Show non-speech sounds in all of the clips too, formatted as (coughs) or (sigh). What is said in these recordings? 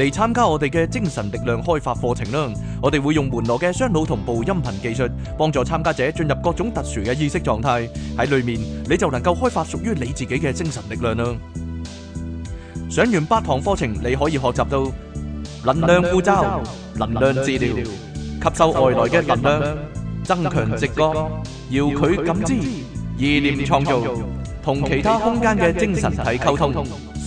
嚟參加我哋嘅精神力量開發課程啦！我哋會用門羅嘅雙腦同步音頻技術，幫助參加者進入各種特殊嘅意識狀態。喺裡面你就能夠開發屬於你自己嘅精神力量啦！上完八堂課程，你可以學習到能量護罩、能量治療、吸收外來嘅能量、增強直覺、遙距感知、意念創造、同其他空間嘅精神體溝通。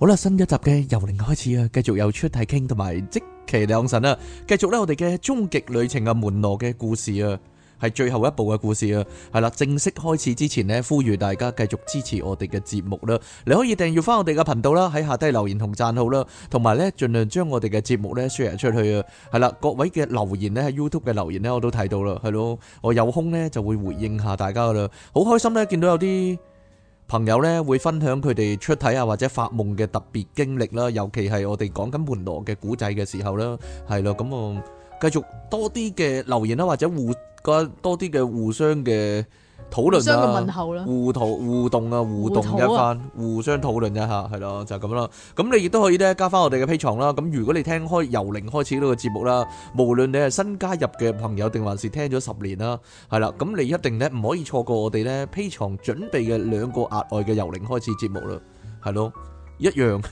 好啦，新一集嘅由零開始啊，繼續有出題，傾同埋即期兩神啊，繼續呢，我哋嘅終極旅程嘅門羅嘅故事啊，係最後一部嘅故事啊，係啦，正式開始之前呢，呼籲大家繼續支持我哋嘅節目啦，你可以訂閱翻我哋嘅頻道啦，喺下低留言同讚好啦，同埋呢，盡量將我哋嘅節目呢 share 出去啊，係啦，各位嘅留言呢，喺 YouTube 嘅留言呢，我都睇到啦，係咯，我有空呢，就會回應下大家噶啦，好開心呢，見到有啲。朋友呢，會分享佢哋出體啊或者發夢嘅特別經歷啦，尤其係我哋講緊門羅嘅古仔嘅時候啦，係咯，咁我繼續多啲嘅留言啦，或者互多啲嘅互相嘅。討論啦，互圖互動啊，互動一番，互相討論一下，係咯，就咁咯。咁你亦都可以咧加翻我哋嘅 P 床啦。咁如果你聽開由零開始呢個節目啦，無論你係新加入嘅朋友定還是聽咗十年啦，係啦，咁你一定咧唔可以錯過我哋咧 P 床準備嘅兩個額外嘅由零開始節目啦，係咯，一樣，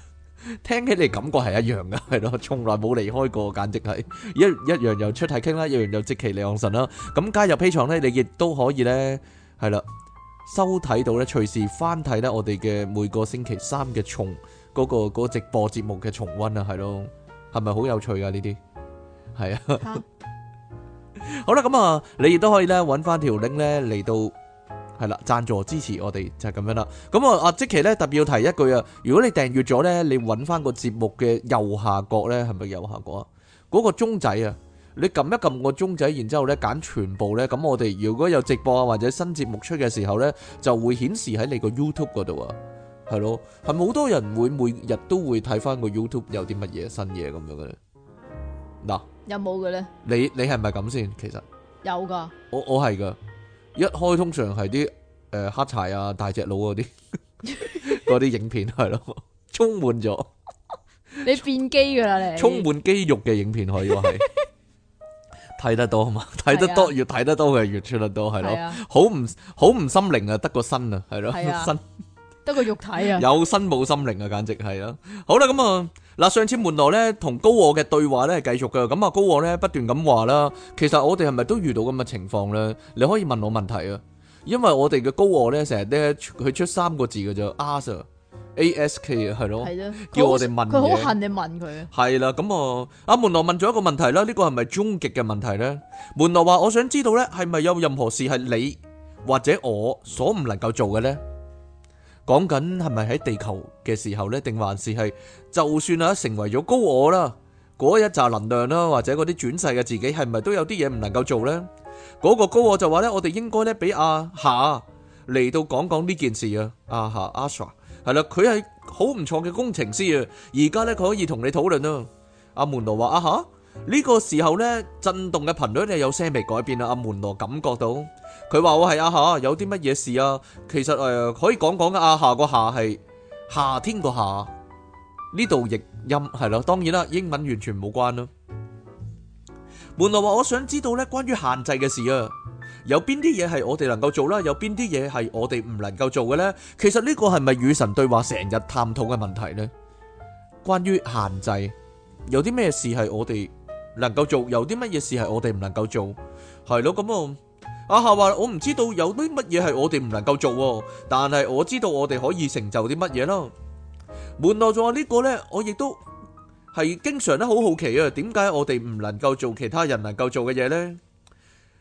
聽起嚟感覺係一樣噶，係咯，從來冇離開過，簡直係一一樣又出題傾啦，一樣又即其兩神啦。咁加入 P 床咧，你亦都可以咧。係啦，收睇到咧，隨時翻睇咧，我哋嘅每個星期三嘅重嗰、嗰個、嗰個直播節目嘅重溫啊，係咯，係咪、嗯、 (laughs) 好有趣啊？呢啲係啊，好啦，咁啊，你亦都可以咧，揾翻條 link 咧嚟到，係啦，贊助支持我哋就係、係、咁樣啦。咁啊，阿即期咧特別要提一句啊，如果你訂閱咗咧，你揾翻個節目嘅右下角咧，係咪右下角啊？嗰、嗰個鐘仔啊！你撳一撳個鐘仔，然之後咧揀全部咧，咁我哋如果有直播啊或者新節目出嘅時候咧，就會顯示喺你個 YouTube 嗰度啊，係咯，係好多人會每日都會睇翻個 YouTube 有啲乜嘢新嘢咁樣嘅咧。嗱，有冇嘅咧？你你係咪咁先？其實有噶，我我係噶，一開通常係啲誒黑柴啊大隻佬嗰啲嗰啲影片係咯， (laughs) 充滿咗。你變機噶啦你？充滿肌肉嘅影片可以話係。睇得多嘛，睇得多、啊、越睇得多佢係越出得多係咯，好唔好唔心靈啊？得個身啊，係咯、啊啊，身得個肉體啊，有身冇心靈啊，簡直係啦、啊。好啦，咁啊嗱，上次門內咧同高我嘅對話咧係繼續噶，咁啊高我咧不斷咁話啦，其實我哋係咪都遇到咁嘅情況咧？你可以問我問題啊，因為我哋嘅高我咧成日咧佢出三個字嘅啫阿 Sir A.S.K. 係咯，叫我哋問佢好恨你問佢係啦，咁啊，阿門羅問咗一個問題啦，呢個係咪終極嘅問題咧？門羅話：我想知道咧，係咪有任何事係你或者我所唔能夠做嘅咧？講緊係咪喺地球嘅時候咧，定還是係就算啊成為咗高我啦，嗰一扎能量啦，或者嗰啲轉世嘅自己，係咪都有啲嘢唔能夠做咧？嗰個高我就話咧，我哋應該咧俾阿夏嚟到講講呢件事啊，阿夏 Ashra。係啦，佢係好唔錯嘅工程師啊！而家咧，佢可以同你討論啊。阿門羅話：啊，夏呢、這個時候咧，震動嘅頻率呢，有聲未改變啊。」阿門羅感覺到，佢話我係阿夏，有啲乜嘢事啊？其實誒、呃，可以講講阿夏個夏係夏天個夏，呢度譯音係啦。當然啦，英文完全冇關啦。門羅話：我想知道咧，關於限制嘅事啊。有邊啲嘢係我哋能夠做啦？有邊啲嘢係我哋唔能夠做嘅呢？其實呢個係咪與神對話成日探討嘅問題呢？關於限制，有啲咩事係我哋能夠做？有啲乜嘢事係我哋唔能夠做？係咯，咁啊？阿夏話：我唔知道有啲乜嘢係我哋唔能夠做，但係我知道我哋可以成就啲乜嘢咯。門內仲話呢個呢，我亦都係經常都好好奇啊，點解我哋唔能夠做其他人能夠做嘅嘢呢？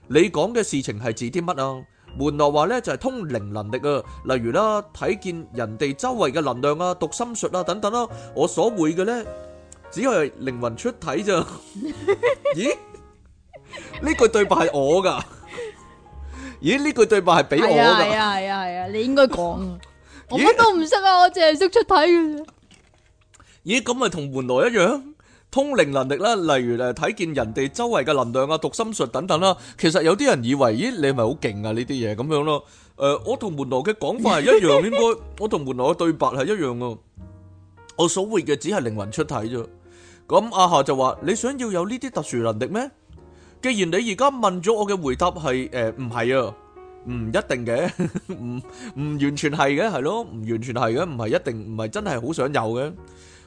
你講嘅事情係指啲乜啊？門羅話咧，就係通靈能力啊，例如啦，睇見人哋周圍嘅能量啊、讀心術啊等等啦。我所會嘅咧，只係靈魂出體咋？咦？呢句對白係我噶？咦？呢句對白係俾我噶？係啊係啊係啊！你應該講，我乜都唔識啊，我淨係識出體嘅。咦？咁咪同門羅一樣？通靈能力啦，例如誒睇見人哋周圍嘅能量啊、讀心術等等啦，其實有啲人以為，咦，你係咪好勁啊呢啲嘢咁樣咯。誒，我同門內嘅講法係一樣，應該我同門內嘅對白係一樣噶。我所會嘅只係靈魂出體啫。咁阿夏就話：你想要有呢啲特殊能力咩？既然你而家問咗我嘅回答係誒唔係啊，唔一定嘅，唔唔完全係嘅，係咯，唔完全係嘅，唔係一定，唔係真係好想有嘅，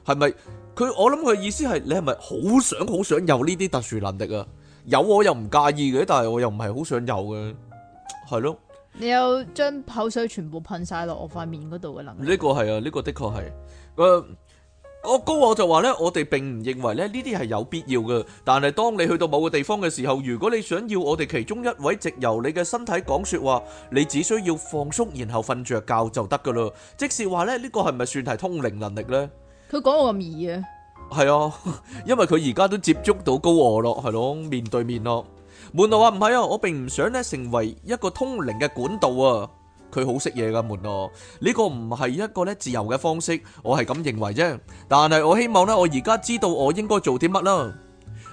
係咪？佢我諗佢意思係你係咪好想好想有呢啲特殊能力啊？有我又唔介意嘅，但係我又唔係好想有嘅，係咯。你有將口水全部噴晒落我塊面嗰度嘅能力？呢個係啊，呢個的確係。誒、呃，我哥我就話呢，我哋並唔認為咧呢啲係有必要嘅。但係當你去到某個地方嘅時候，如果你想要我哋其中一位藉由你嘅身體講說話，你只需要放鬆然後瞓着覺就得噶啦。即是話咧，呢個係咪算係通靈能力呢？佢講我咁易啊？係啊，因為佢而家都接觸到高我咯，係咯、啊，面對面咯。門羅話唔係啊，我並唔想咧成為一個通靈嘅管道啊。佢好識嘢噶，門羅呢、這個唔係一個咧自由嘅方式，我係咁認為啫。但係我希望咧，我而家知道我應該做啲乜啦。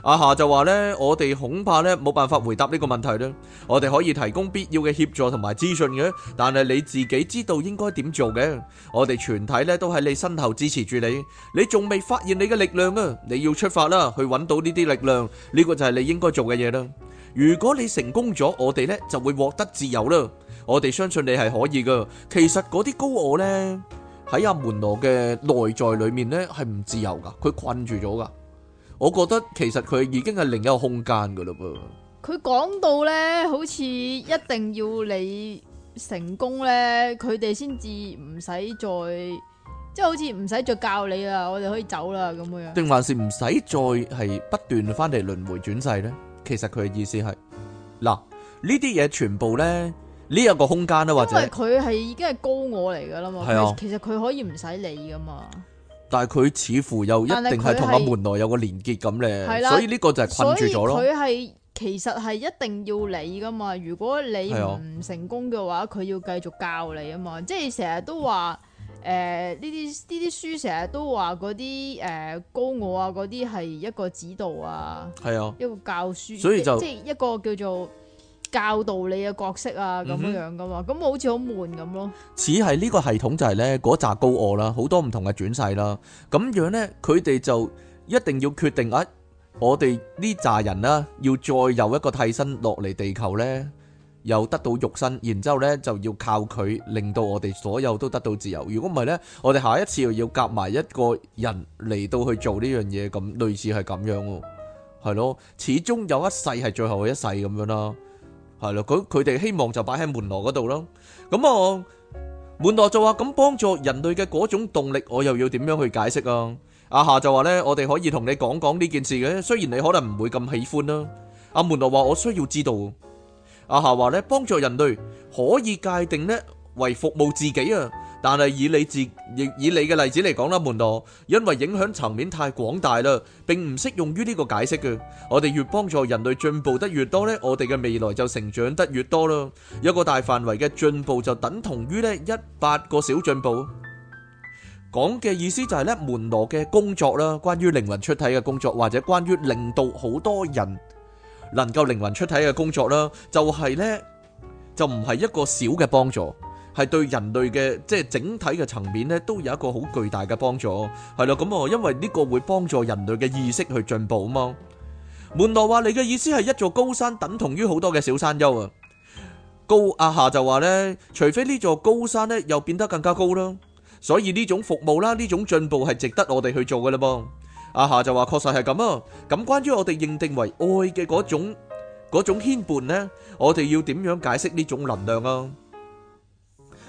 阿夏就話呢，我哋恐怕呢冇辦法回答呢個問題咧。我哋可以提供必要嘅協助同埋資訊嘅，但係你自己知道應該點做嘅。我哋全體呢都喺你身後支持住你。你仲未發現你嘅力量啊？你要出發啦，去揾到呢啲力量。呢個就係你應該做嘅嘢啦。如果你成功咗，我哋呢就會獲得自由啦。我哋相信你係可以噶。其實嗰啲高傲呢，喺阿門羅嘅內在裏面呢，係唔自由噶，佢困住咗噶。我覺得其實佢已經係另一個空間噶啦噃。佢講到咧，好似一定要你成功咧，佢哋先至唔使再，即係好似唔使再教你啦，我哋可以走啦咁嘅樣。定還是唔使再係不斷翻嚟輪回轉世咧？其實佢嘅意思係，嗱呢啲嘢全部咧呢一個空間啊，或者因為佢係已經係高我嚟噶啦嘛。係啊，其實佢可以唔使理噶嘛。但係佢似乎又一定係同阿門內有個連結咁咧，是是所以呢個就係困住咗。佢係其實係一定要你噶嘛，如果你唔成功嘅話，佢要繼續教你啊嘛。的即係成日都話，誒呢啲呢啲書成日都話嗰啲誒高我啊嗰啲係一個指導啊，係啊的一個教書，所以就即係一個叫做。教導你嘅角色啊，咁樣樣噶嘛，咁我好似好悶咁咯。似係呢個系統就係咧，嗰紮高傲啦，好多唔同嘅轉世啦，咁樣咧，佢哋就一定要決定啊，我哋呢扎人啦，要再有一個替身落嚟地球咧，又得到肉身，然之後咧就要靠佢令到我哋所有都得到自由。如果唔係咧，我哋下一次又要夾埋一個人嚟到去做呢樣嘢，咁類似係咁樣咯，係咯，始終有一世係最後嘅一世咁樣啦。係啦，咁佢哋希望就擺喺門羅嗰度咯。咁啊，門羅就話咁幫助人類嘅嗰種動力，我又要點樣去解釋啊？阿夏就話呢，我哋可以同你講講呢件事嘅，雖然你可能唔會咁喜歡啦。阿門羅話我需要知道。阿夏話呢，幫助人類可以界定呢為服務自己啊。但係以你自亦以你嘅例子嚟講啦，門羅因為影響層面太廣大啦，並唔適用於呢個解釋嘅。我哋越幫助人類進步得越多咧，我哋嘅未來就成長得越多啦。一個大範圍嘅進步就等同於咧一百個小進步。講嘅意思就係咧，門羅嘅工作啦，關於靈魂出體嘅工作，或者關於令到好多人能夠靈魂出體嘅工作啦，就係咧就唔係一個小嘅幫助。係對人類嘅即係整體嘅層面咧，都有一個好巨大嘅幫助，係咯，咁啊，因為呢個會幫助人類嘅意識去進步啊嘛。門羅話：你嘅意思係一座高山等同於好多嘅小山丘啊。高阿夏就話咧，除非呢座高山咧又變得更加高啦，所以呢種服務啦，呢種進步係值得我哋去做嘅啦噃。阿夏就話：確實係咁啊。咁關於我哋認定為愛嘅嗰種嗰種牽絆咧，我哋要點樣解釋呢種能量啊？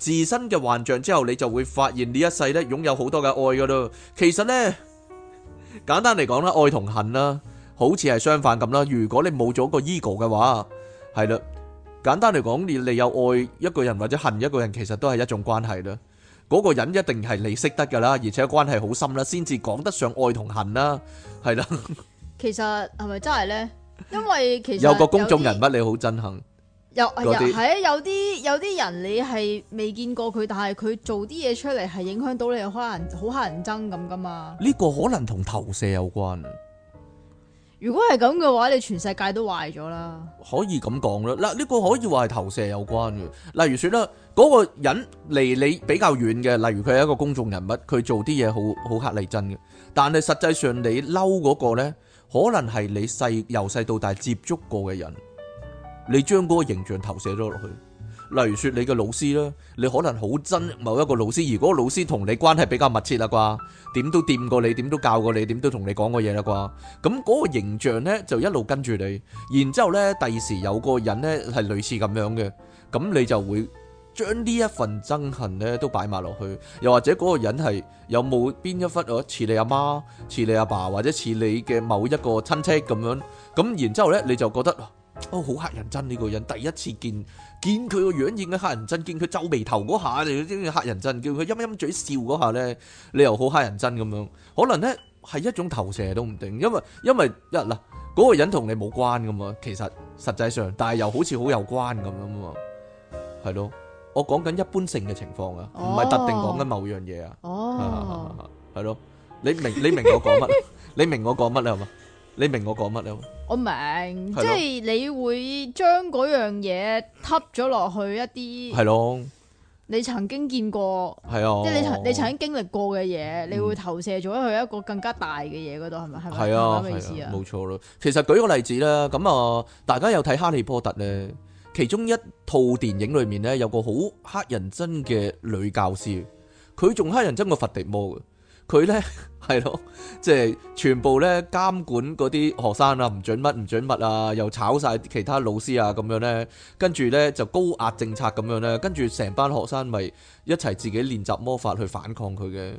自身嘅幻象之後，你就會發現呢一世咧擁有好多嘅愛㗎喇。其實呢，簡單嚟講啦，愛同恨啦，好似係相反咁啦。如果你冇咗個 ego 嘅話，係啦。簡單嚟講，你你有愛一個人或者恨一個人，其實都係一種關係啦。嗰個人一定係你識得㗎喇，而且關係好深啦，先至講得上愛同恨啦。係啦，其實係咪真係呢？因為其實有個公眾人物你好憎恨。些有係係有啲有啲人你係未見過佢，但係佢做啲嘢出嚟係影響到你，可能好乞人憎咁噶嘛？呢、這個可能同投射有關。如果係咁嘅話，你全世界都壞咗啦。可以咁講啦，嗱、這、呢個可以話係投射有關嘅。例如說啦，嗰、那個人離你比較遠嘅，例如佢係一個公眾人物，佢做啲嘢好好乞人憎嘅，但係實際上你嬲嗰、那個呢，可能係你細由細到大接觸過嘅人。你將嗰個形象投射咗落去，例如說你嘅老師啦，你可能好憎某一個老師，如果老師同你關係比較密切啦啩，點都掂過你，點都教過你，點都同你講過嘢啦啩，咁、那、嗰個形象呢，就一路跟住你，然之後呢第二時有個人呢，係類似咁樣嘅，咁你就會將呢一份憎恨呢，都擺埋落去，又或者嗰個人係有冇邊一忽似你阿媽，似你阿爸，爸，或者似你嘅某一個親戚咁樣，咁然之後呢你就覺得。哦，好乞人憎呢、這個人，第一次見見佢個樣已經乞人憎，見佢皺眉頭嗰下就已經乞人憎，叫佢陰陰嘴笑嗰下咧，你又好乞人憎咁樣，可能咧係一種投射都唔定，因為因為一嗱，嗰、那個人同你冇關咁嘛。其實實際上，但係又好似好有關咁咁啊，係咯，我講緊一般性嘅情況啊，唔係特定講緊某樣嘢啊，哦，係咯，你明你明我講乜？你明我講乜啦係嘛？ (laughs) 你你明我講乜咧？我明是，即係你會將嗰樣嘢吸咗落去一啲，係咯？你曾經見過，係啊，即係你你曾經經歷過嘅嘢，嗯，你會投射咗去一個更加大嘅嘢嗰度，係咪？係咪啊？係咪意思啊？冇錯咯。其實舉個例子啦，咁啊，大家有睇《哈利波特》咧，其中一套電影裏面咧有個好乞人憎嘅女教師，佢仲乞人憎過伏地魔噶。佢呢，係咯，即係全部呢監管嗰啲學生啊，唔准乜唔准乜啊，又炒晒其他老師啊咁樣呢，跟住呢，就高壓政策咁樣呢。跟住成班學生咪一齊自己練習魔法去反抗佢嘅。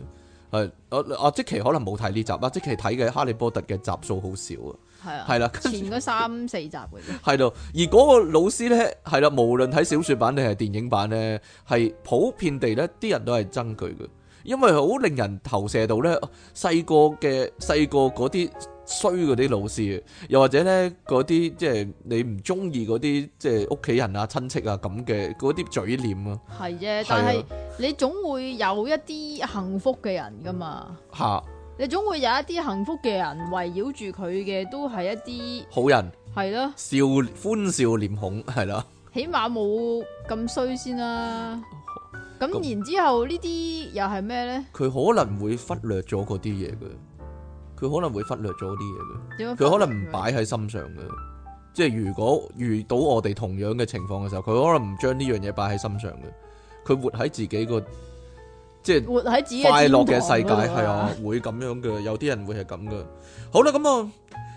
係我即奇可能冇睇呢集啊，即奇睇嘅《哈利波特》嘅集數好少啊。係啊，係啦，前嗰三四集嘅啫。係咯，而嗰個老師呢，係啦，無論睇小説版定係電影版呢，係普遍地呢啲人都係憎佢嘅。因為好令人投射到咧，細個嘅細個嗰啲衰嗰啲老師，又或者咧嗰啲即係你唔中意嗰啲即係屋企人啊、親戚啊咁嘅嗰啲嘴臉啊。係啫，但係你總會有一啲幸福嘅人噶嘛。嚇！你總會有一啲幸福嘅人，嗯，人圍繞住佢嘅，都係一啲好人。係咯。笑歡笑臉孔係喇。起碼冇咁衰先啦。咁然之後呢啲又係咩咧？佢可能會忽略咗嗰啲嘢嘅，佢可能會忽略咗嗰啲嘢嘅，佢可能唔擺喺心上嘅。即係如果遇到我哋同樣嘅情況嘅時候，佢可能唔將呢樣嘢擺喺心上嘅，佢活喺自己個即係活喺自己快樂嘅世界，係啊，會咁樣嘅。有啲人會係咁嘅。好啦，咁啊。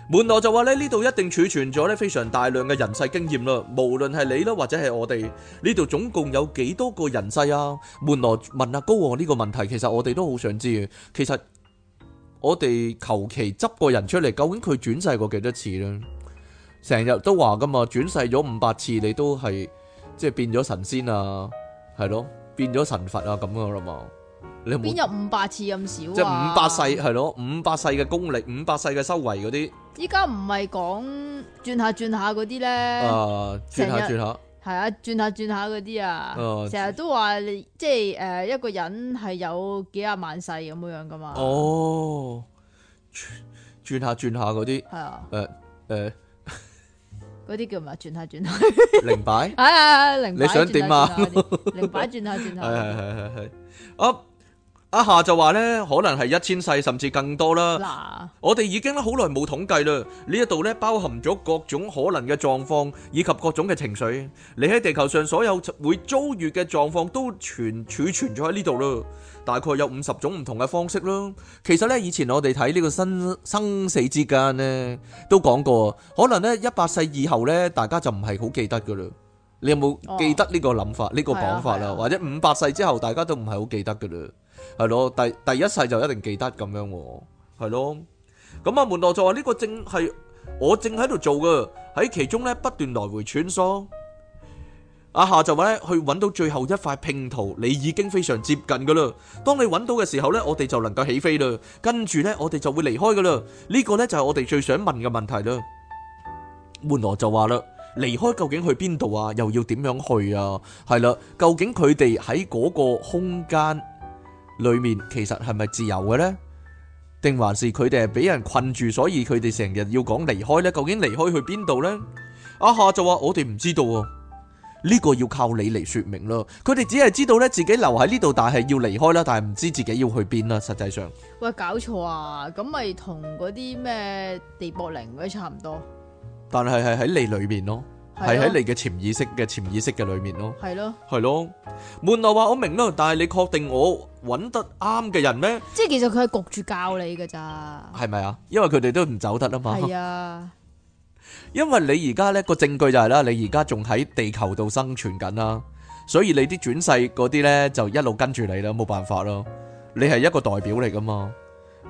門羅就話咧，呢度一定儲存咗咧，非常大量嘅人世經驗啦，無論係你啦或者係我哋呢度總共有幾多個人世啊？門羅問阿高我呢個問題，其實我哋都好想知。其實我哋求其執個人出嚟，究竟佢轉世過幾多次呢？成日都話噶嘛，轉世咗五百次你都係即係變咗神仙啊，係咯，變咗神佛啊咁樣啦嘛。邊有五百次咁少？即係五百世係咯，五百世嘅功力，五百世嘅修為嗰啲。依家唔係講轉下轉下嗰啲咧。啊，轉下轉下係啊，轉下轉下嗰啲啊。成日都話你即係誒，一個人係有幾廿萬世咁樣樣噶嘛？哦，轉轉下轉下嗰啲係啊。誒、啊、誒，嗰、啊、啲叫咩？轉下轉下零擺係啊，零擺你想點啊？零擺轉下轉下係係係係係一下就話咧，可能係一千世甚至更多啦。嗱，我哋已經咧好耐冇統計啦。呢一度咧包含咗各種可能嘅狀況以及各種嘅情緒。你喺地球上所有會遭遇嘅狀況都全儲存咗喺呢度咯。大概有五十種唔同嘅方式咯。其實咧，以前我哋睇呢個生生死之間咧，都講過，可能咧一百世以後咧，大家就唔係好記得噶啦。你有冇記得呢個諗法？呢個講法啦，或者五百世之後，大家都唔係好記得噶啦。係咯，第第一世就一定記得咁樣，係咯。咁啊，門羅就話呢個正係我正喺度做㗎，喺其中呢不斷來回穿梭。阿夏就話咧，去搵到最後一塊拼圖，你已經非常接近噶啦。當你搵到嘅時候呢，我哋就能夠起飛啦。跟住呢，我哋就會離開噶啦。呢個呢，就係我哋最想問嘅問題啦。門羅就話啦，離開究竟去邊度啊？又要點樣去啊？係啦，究竟佢哋喺嗰個空間？裏面其實係咪自由嘅呢？定還是佢哋係俾人困住，所以佢哋成日要講離開呢？究竟離開去邊度呢？阿夏就話我哋唔知道啊，呢個要靠你嚟說明啦。佢哋只係知道咧自己留喺呢度，但係要離開啦，但係唔知自己要去邊啦。實際上喂，搞錯啊！咁咪同嗰啲咩地博靈嗰啲差唔多，但係係喺你裏面咯。係喺你嘅潛意識嘅潛意識嘅裏面咯，係咯，係咯。門內話我明咯，但係你確定我揾得啱嘅人咩？即係其實佢係焗住教你噶咋，係咪啊？因為佢哋都唔走得啊嘛。係啊，因為你而家咧個證據就係啦，你而家仲喺地球度生存緊啦，所以你啲轉世嗰啲咧就一路跟住你啦，冇辦法咯。你係一個代表嚟，噶嘛？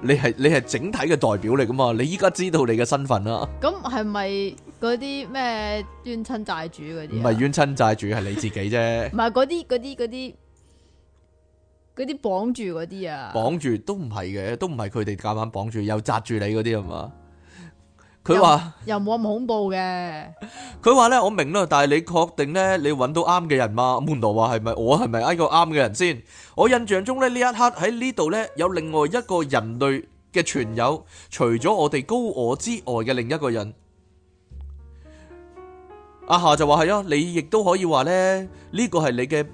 你係你係整體嘅代表嚟噶嘛？你依家知道你嘅身份啦。咁係咪？嗰啲咩冤親債主嗰啲，啊，唔係冤親債主，係你自己啫。唔係嗰啲嗰啲嗰啲嗰啲綁住嗰啲啊，綁住都唔係嘅，都唔係佢哋夾硬綁住又紮住你嗰啲啊嘛？佢話又冇咁恐怖嘅。佢話咧，我明啦，但係你確定咧，你揾到啱嘅人嘛？門羅話係咪我係咪一個啱嘅人先？我印象中咧呢一刻喺呢度咧有另外一個人類嘅存有，除咗我哋高我之外嘅另一個人。阿夏就話係啊，你亦都可以話呢，呢個係你嘅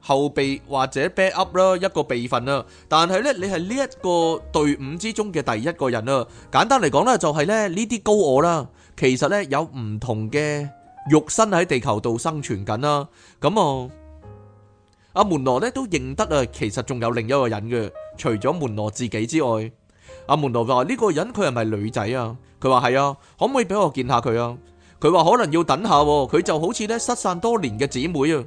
後備或者 back up 啦，一個備份啦。但係呢，你係呢一個隊伍之中嘅第一個人啦。簡單嚟講啦，就係呢呢啲高我啦。其實呢，有唔同嘅肉身喺地球度生存緊啦。咁、嗯、啊，阿門羅呢都認得啊。其實仲有另一個人嘅，除咗門羅自己之外，阿、啊、門羅話話呢個人佢係咪女仔啊？佢話係啊，可唔可以俾我見下佢啊？佢話可能要等下，佢就好似咧失散多年嘅姐妹啊。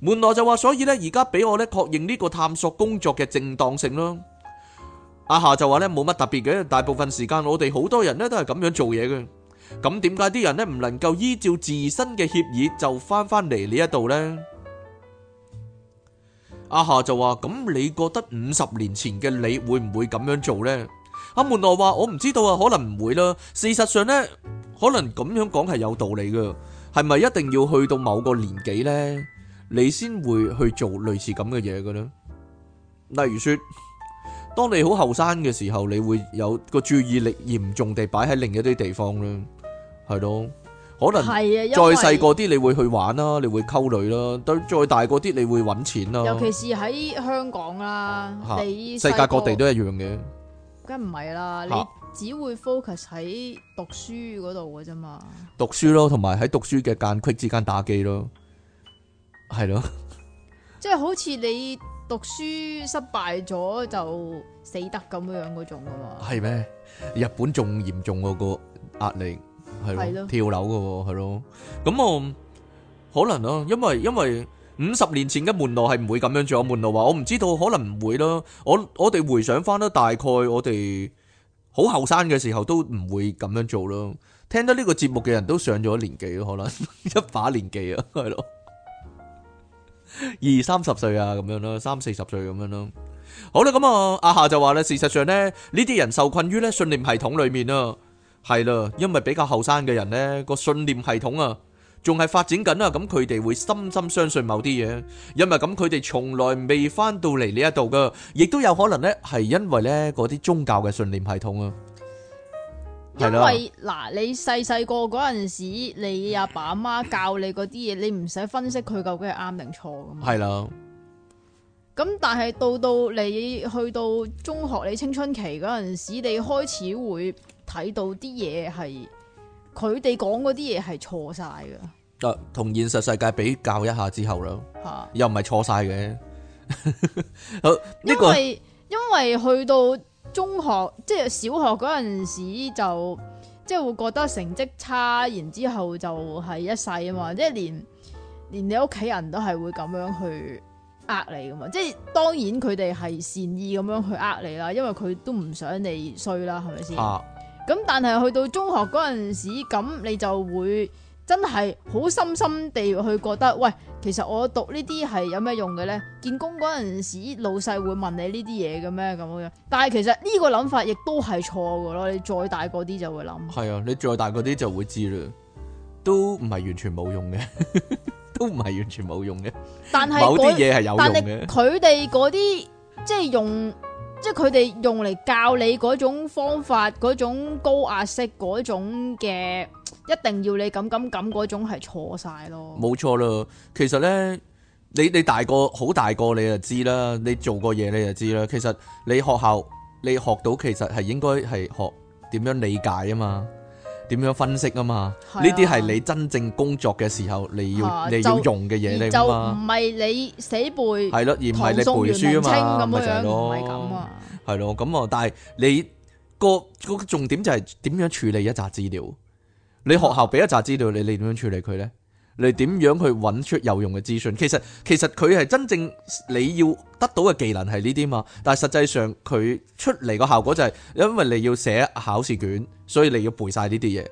門羅就話，所以咧而家俾我咧確認呢個探索工作嘅正當性咯。阿夏就話咧冇乜特別嘅，大部分時間我哋好多人咧都係咁樣做嘢嘅。咁點解啲人咧唔能夠依照自身嘅協議就翻返嚟呢一度咧？阿夏就話：，咁你覺得五十年前嘅你會唔會咁樣做咧？阿門羅話：，我唔知道啊，可能唔會啦。事實上咧。可能咁樣講係有道理噶係咪一定要去到某個年紀咧？你先會去做類似咁嘅嘢噶咧？例如說，當你好後生嘅時候，你會有個注意力嚴重地擺喺另一啲地方咧？係咯，可能係啊，因為再細個啲你會去玩啦，你會溝女啦，都再大個啲你會搵錢啦。尤其是喺香港啦，世界各地都一樣嘅，梗唔係啦。只會 focus 喺讀書嗰度嘅啫嘛，讀書咯，同埋喺讀書嘅間隙之間打機咯，係咯。即係好似你讀書失敗咗就死得咁樣嗰種噶嘛？係咩？日本仲嚴重過，個壓力係咯，跳樓嘅喎係咯。咁我可能啊，因為因為五十年前嘅門路係唔會咁樣做門路話，我唔知道可能唔會啦。我我哋回想翻都，大概我哋。好後生嘅時候都唔會咁樣做咯，聽到呢個節目嘅人都上咗年紀咯，可能一把年紀啊，係咯，二三十歲啊咁樣咯，三四十歲咁樣咯。好啦，咁啊，阿夏就話咧，事實上咧呢啲人受困於咧信念系統裏面啊，係啦，因為比較後生嘅人咧個信念系統啊。仲係發展緊啊！咁佢哋會深深相信某啲嘢，因為咁佢哋從來未翻到嚟呢一度噶，亦都有可能呢，係因為呢嗰啲宗教嘅信念系統啊。因為嗱，你細細個嗰陣時，你阿爸阿媽教你嗰啲嘢，你唔使分析佢究竟係啱定錯噶嘛。係啦。咁但係到到你去到中學，你青春期嗰陣時，你開始會睇到啲嘢係。佢哋講嗰啲嘢係錯晒噶，同現實世界比較一下之後咯、啊，又唔係錯晒嘅。因為、這個、因為去到中學，即、就、係、是、小學嗰陣時就即係、就是、會覺得成績差，然後之後就係一世啊嘛，即、嗯、係、就是、連連你屋企人都係會咁樣去呃你噶嘛，即、就、係、是、當然佢哋係善意咁樣去呃你啦，因為佢都唔想你衰啦，係咪先？啊咁但係去到中學嗰陣時，咁你就會真係好深深地去覺得，喂，其實我讀呢啲係有咩用嘅咧？見工嗰陣時，老細會問你呢啲嘢嘅咩咁樣？但係其實呢個諗法亦都係錯嘅咯。你再大個啲就會諗，係啊，你再大個啲就會知啦，都唔係完全冇用嘅， (laughs) 都唔係完全冇用嘅。但係嗰啲嘢係有用嘅，佢哋嗰啲即係用。即係佢哋用嚟教你嗰種方法，嗰種高壓式，嗰種嘅一定要你咁咁咁嗰種係錯晒咯。冇錯啦，其實咧，你你大個好大個，你就知啦，你做過嘢你就知啦。其實你學校你學到，其實係應該係學點樣理解啊嘛。點樣分析啊嘛？呢啲係你真正工作嘅時候，你要、啊、你要用嘅嘢嚟啊嘛。就唔係你死背，係咯，而唔係你背書啊嘛。清咁樣咯，係咁啊。係咯，咁啊，但係你、嗰個、嗰個重點就係點樣處理一紮資料？你學校俾一紮資料，你你點樣處理佢咧？你點樣去揾出有用嘅資訊？其實其實佢係真正你要得到嘅技能係呢啲嘛，但係實際上佢出嚟個效果就係因為你要寫考試卷，所以你要背晒呢啲嘢。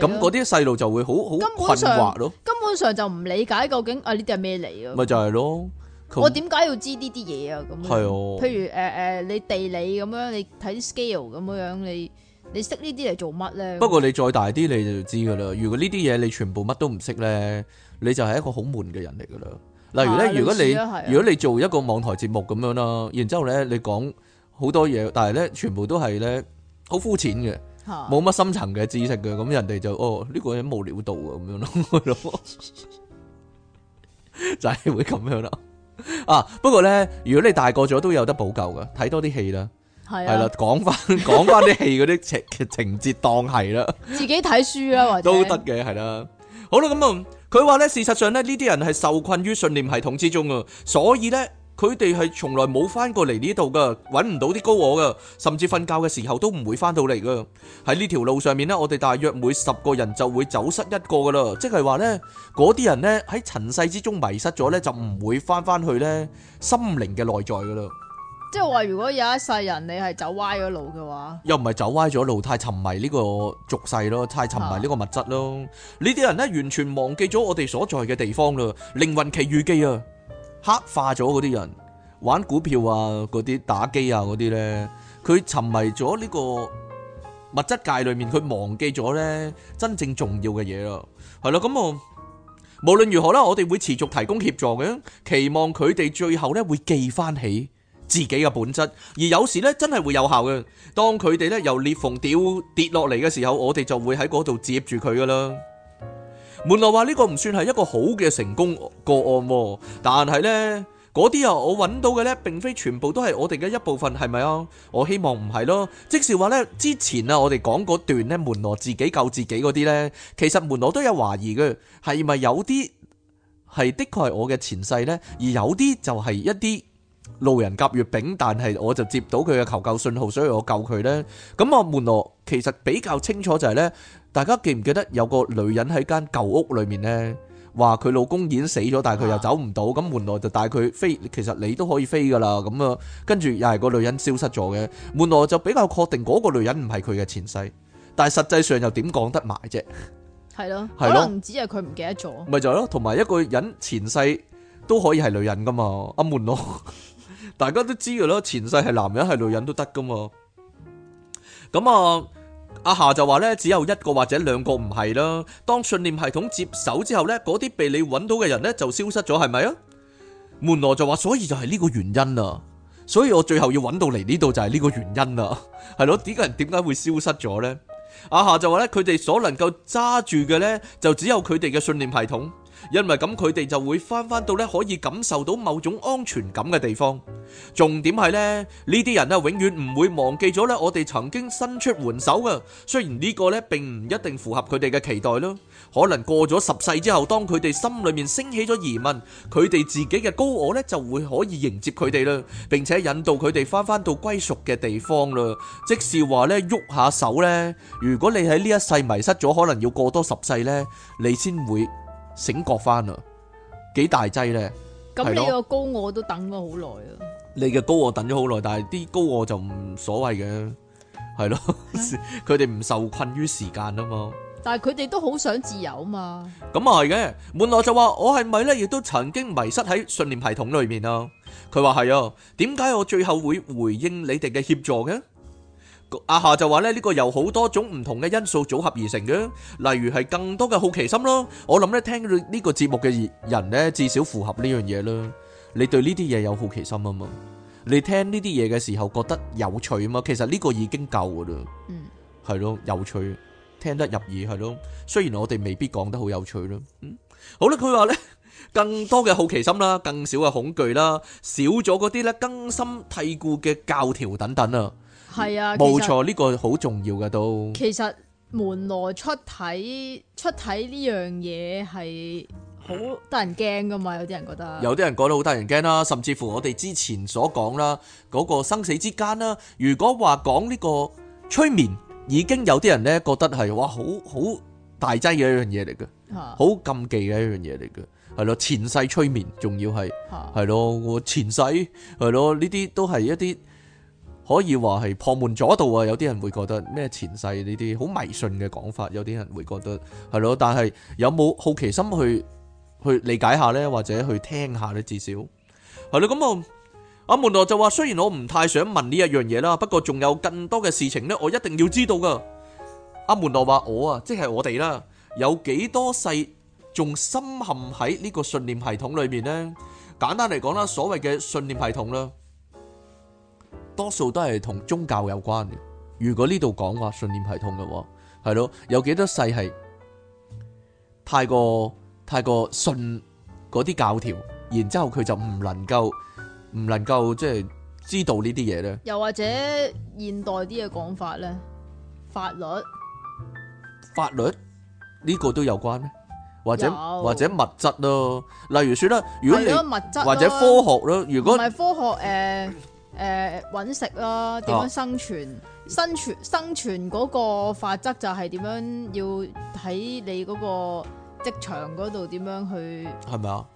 咁嗰啲細路就會好好困惑咯。根本上就唔理解究竟啊呢啲係咩嚟啊？咪就係、是、咯。我點解要知呢啲嘢啊？咁樣、啊。譬如誒誒、呃呃，你地理咁樣，你睇啲 scale 咁樣，你。你識呢啲嚟做乜咧？不過你再大啲你就知噶啦。如果呢啲嘢你全部乜都唔識咧，你就係一個好悶嘅人嚟噶啦。例如咧、啊，如果你如果你做一個網台節目咁樣啦，然之後咧你講好多嘢，但係咧全部都係咧好膚淺嘅，冇乜深層嘅知識嘅，咁人哋就哦呢、這個人冇料到啊咁樣咯， (laughs) 就係會咁樣啦。 (laughs) 啊，不過咧如果你大個咗都有得補救噶，睇多啲戲啦。係啦，講翻講翻啲戲嗰啲情情節當係啦，自己睇書呀，或者都得嘅係啦。好啦，咁啊，佢話咧，事實上咧，呢啲人係受困於信念系統之中啊，所以咧，佢哋係從來冇翻過嚟呢度噶，揾唔到啲高我噶，甚至瞓覺嘅時候都唔會翻到嚟噶。喺呢條路上面咧，我哋大約每十個人就會走失一個噶啦，即係話咧，嗰啲人咧喺塵世之中迷失咗咧，就唔會翻翻去咧心靈嘅內在噶啦。即係話，如果有一世人你係走歪咗路嘅話，又唔係走歪咗路，太沉迷呢個俗世咯，太沉迷呢個物質咯。呢啲人咧，完全忘記咗我哋所在嘅地方咯。靈魂奇遇記啊，黑化咗嗰啲人，玩股票啊，嗰啲打機啊，嗰啲咧，佢沉迷咗呢個物質界裏面，佢忘記咗咧真正重要嘅嘢咯。係咯，咁我無論如何啦，我哋會持續提供協助嘅，期望佢哋最後咧會記翻起。自己嘅本質，而有時咧真係會有效嘅。當佢哋咧由裂縫掉跌落嚟嘅時候，我哋就會喺嗰度接住佢噶啦。門羅話呢個唔算係一個好嘅成功個案喎，但係呢嗰啲啊，我揾到嘅呢並非全部都係我哋嘅一部分，係咪啊？我希望唔係咯。即是話呢，之前啊，我哋講嗰段呢，門羅自己救自己嗰啲呢，其實門羅都有懷疑嘅，係咪有啲係的確係我嘅前世呢，而有啲就係一啲。路人甲乙丙，但係我就接到佢嘅求救信號，所以我救佢咧。咁阿門羅其實比較清楚就係咧，大家記唔記得有個女人喺間舊屋裏面咧，話佢老公已經死咗，但係佢又走唔到，咁門羅就帶佢飛。其實你都可以飛噶啦，咁啊，跟住又係個女人消失咗嘅。門羅就比較確定嗰個女人唔係佢嘅前世，但係實際上又點講得埋啫？係咯，係咯，唔止係佢唔記得咗，咪就係咯。同埋一個人前世都可以係女人噶嘛，阿門羅。大家都知噶啦，前世係男人係女人都得噶嘛。咁啊，阿夏就話咧，只有一個或者兩個唔係啦。當信念系統接手之後咧，嗰啲被你揾到嘅人咧就消失咗，係咪啊？門羅就話，所以就係呢個原因啊。所以我最後要揾到嚟呢度就係呢個原因啦。係咯，點解人點解會消失咗呢？阿、啊、夏就話咧，佢哋所能夠揸住嘅咧，就只有佢哋嘅信念系統。因為咁，佢哋就會返返到咧，可以感受到某種安全感嘅地方。重點係咧，呢啲人咧永遠唔會忘記咗咧，我哋曾經伸出援手㗎。雖然呢個咧並唔一定符合佢哋嘅期待咯，可能過咗十世之後，當佢哋心裏面升起咗疑問，佢哋自己嘅高我咧就會可以迎接佢哋啦，並且引導佢哋返返到歸屬嘅地方啦。即是話咧，喐下手咧，如果你喺呢一世迷失咗，可能要過多十世咧，你先會。醒覺翻啦，幾大劑咧？咁你個高我都等咗好耐啊！你嘅高我等咗好耐，但係啲高我就唔所謂嘅，係咯，佢哋唔受困於時間啊嘛。但係佢哋都好想自由啊嘛。咁啊係嘅，門諾就話：我係咪咧，亦都曾經迷失喺信念系統裏面啊？佢話係啊，點解我最後會回應你哋嘅協助嘅？阿夏就話咧，呢個由好多種唔同嘅因素組合而成嘅，例如係更多嘅好奇心咯。我諗咧，聽呢個節目嘅人呢，至少符合呢樣嘢啦。你對呢啲嘢有好奇心啊嘛，你聽呢啲嘢嘅時候覺得有趣啊嘛，其實呢個已經夠噶啦。嗯，係咯，有趣，聽得入耳係咯。雖然我哋未必講得好有趣咯。嗯，好啦，佢話呢，更多嘅好奇心啦，更少嘅恐懼啦，少咗嗰啲咧，根深蒂固嘅教條等等啊。係啊，冇錯，呢個好重要噶都。其實門羅出體出體呢樣嘢係好得人驚噶嘛，有啲人覺得。有啲人覺得好得人驚啦，甚至乎我哋之前所講啦，嗰個生死之間啦，如果話講呢個催眠，已經有啲人咧覺得係哇好好大劑嘅一樣嘢嚟嘅，好禁忌嘅一樣嘢嚟嘅，係咯前世催眠，仲要係係咯我前世係咯呢啲都係一啲。可以話係旁門左道啊！有啲人會覺得咩前世呢啲好迷信嘅講法，有啲人會覺得係咯。但係有冇好奇心去去理解下呢？或者去聽下呢？至少係喇。咁啊，阿門羅就話：雖然我唔太想問呢一樣嘢啦，不過仲有更多嘅事情呢，我一定要知道㗎。阿門羅話：就是、我啊，即係我哋啦，有幾多世仲深陷喺呢個信念系統裏面呢？簡單嚟講啦，所謂嘅信念系統啦。多數都係同宗教有關嘅。如果呢度講話信念系統嘅，係咯，有幾多世係太過太過信嗰啲教條，然之後佢就唔能夠唔能夠即係知道呢啲嘢咧？又或者現代啲嘅講法咧？法律法律呢個都有關咩？或者或者物質咯？例如說咧，如果你物質或者科學咯，如果唔係科學誒。誒揾食啦，點樣生存？生存生存嗰個法則就係點樣要喺你嗰個職場嗰度點樣去？係咪啊？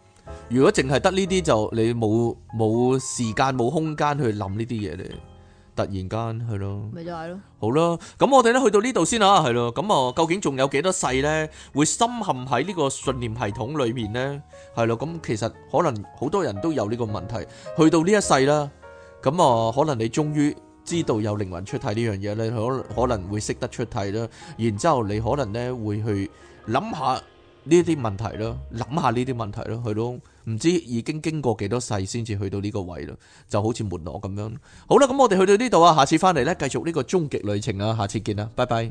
如果淨係得呢啲，就你冇冇時間冇空間去諗呢啲嘢你，突然間係咯，咪就係咯，好啦，咁我哋咧去到呢度先啦，係咯，咁啊，究竟仲有幾多世咧會深陷喺呢個信念系統裏面咧？係咯，咁其實可能好多人都有呢個問題，去到呢一世啦。咁、嗯、啊，可能你終於知道有靈魂出體呢樣嘢你可可能會識得出體啦。然之後你可能呢會去諗下呢啲問題啦，諗下呢啲問題啦。佢都唔知已經經過幾多世先至去到呢個位啦，就好似門羅咁樣。好啦，咁我哋去到呢度啊，下次翻嚟呢，繼續呢個終極旅程啊，下次見啦，拜拜。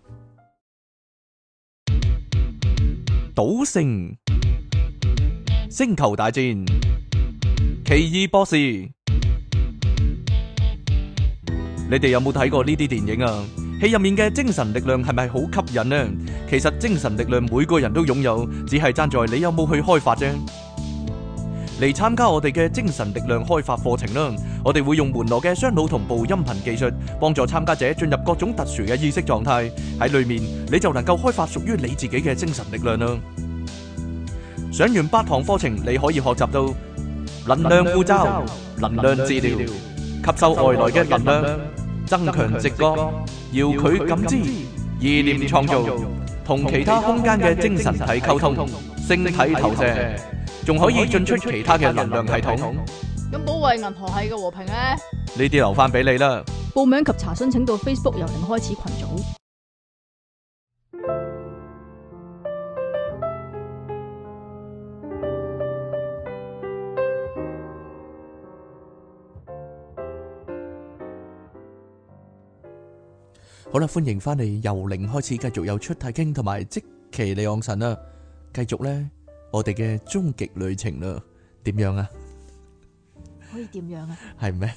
賭聖、星球大戰、奇異博士，你哋有冇睇過呢啲電影啊？戲入面嘅精神力量係咪好吸引呢？其實精神力量每個人都擁有，只係爭在你有冇去開發啫。嚟參加我哋嘅精神力量開發課程啦！我哋會用門羅嘅雙腦同步音頻技術，幫助參加者進入各種特殊嘅意識狀態。喺裏面你就能夠開發屬於你自己嘅精神力量啦！上完八堂課程，你可以學習到能量護罩、能量治療、吸收外來嘅能量、增強直覺、遙距感知、意念創造、同其他空間嘅精神體溝通、星體投射。仲可以進出其他嘅能量系統。咁保衛銀河系嘅和平咧？呢啲留翻俾你啦。報名及查詢請到 Facebook 由零開始群組。好啦，歡迎翻嚟。由零開始，繼續有出太傾同埋即其李昂神啦，繼續咧。我哋嘅終極旅程啦，點樣啊？可以點樣啊？係咩？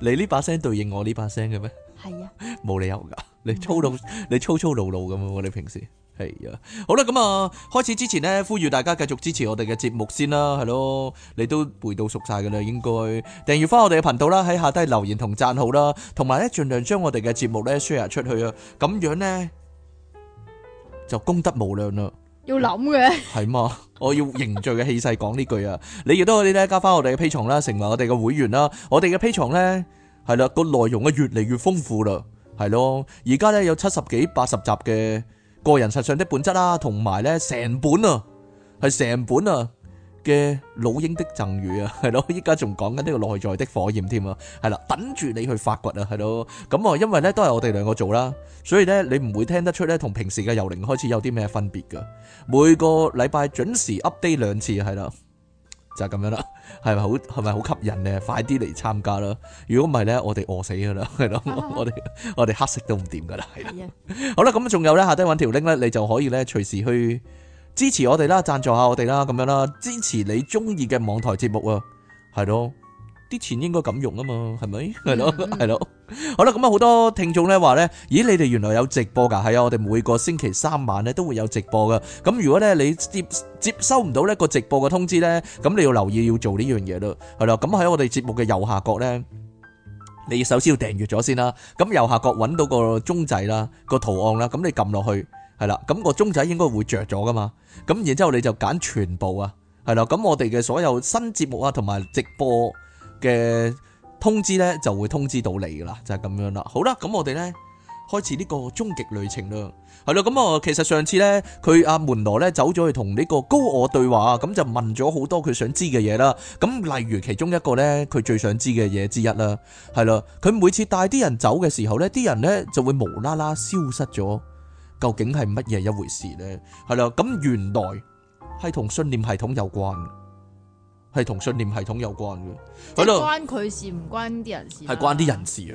你呢把聲對應我呢把聲嘅咩？係啊，冇理由噶。你粗魯，你粗粗魯魯咁啊！你平時係啊，好啦，咁啊，開始之前咧，呼籲大家繼續支持我哋嘅節目先啦，係咯。你都背到熟晒噶啦，應該訂閱翻我哋嘅頻道啦，喺下低留言同讚好啦，同埋咧盡量將我哋嘅節目咧 share 出去啊，咁樣咧就功德無量啦。要諗嘅係嘛，我要凝聚嘅氣勢講呢句啊！你亦都可以咧，加翻我哋嘅 Patreon 啦，成為我哋嘅會員啦。我哋嘅 Patreon 咧，係啦個內容啊越嚟越豐富啦，係咯。而家咧有七十幾、八十集嘅個人實相的本質啦，同埋咧成本啊，係成本啊。嘅老鷹的贈與啊，係咯，依家仲講緊呢個內在的火焰添啊，係啦，等住你去發掘啊，係咯，咁啊，因為咧都係我哋兩個做啦，所以咧你唔會聽得出咧同平時嘅由零開始有啲咩分別噶，每個禮拜準時 update 兩次，係啦，就係咁樣啦，係咪好係咪好吸引咧？快啲嚟參加啦！如果唔係咧，我哋餓死噶啦，係咯，我哋我哋黑色都唔掂噶啦，係啦，好啦，咁仲有咧下低搵條 link 咧，你就可以咧隨時去。支持我哋啦，贊助下我哋啦，咁樣啦，支持你中意嘅網台節目啊，係咯，啲錢應該咁用啊嘛，係咪？係咯，係咯。好啦，咁啊好多聽眾呢話呢，咦，你哋原來有直播噶係啊，我哋每個星期三晚呢都會有直播噶。咁如果呢，你接接收唔到呢個直播嘅通知呢，咁你要留意要做呢樣嘢咯。係啦，咁喺我哋節目嘅右下角呢，你首先要訂閱咗先啦。咁右下角搵到個鐘仔啦，個圖案啦，咁你撳落去。係啦，咁個鐘仔應該會着咗噶嘛，咁然之後你就揀全部啊，係啦，咁我哋嘅所有新節目啊，同埋直播嘅通知呢，就會通知到你噶啦，就係咁樣啦。好啦，咁我哋呢開始呢個終極旅程啦，係啦，咁啊，其實上次呢，佢阿門羅呢走咗去同呢個高我對話啊，咁就問咗好多佢想知嘅嘢啦，咁例如其中一個呢，佢最想知嘅嘢之一啦，係啦，佢每次帶啲人走嘅時候呢，啲人呢就會無啦啦消失咗。究竟係乜嘢一回事咧？係啦，咁原來係同信念系統有關，係同信念系統有關嘅。係咯，關佢事唔關啲人事，係關啲人事啊，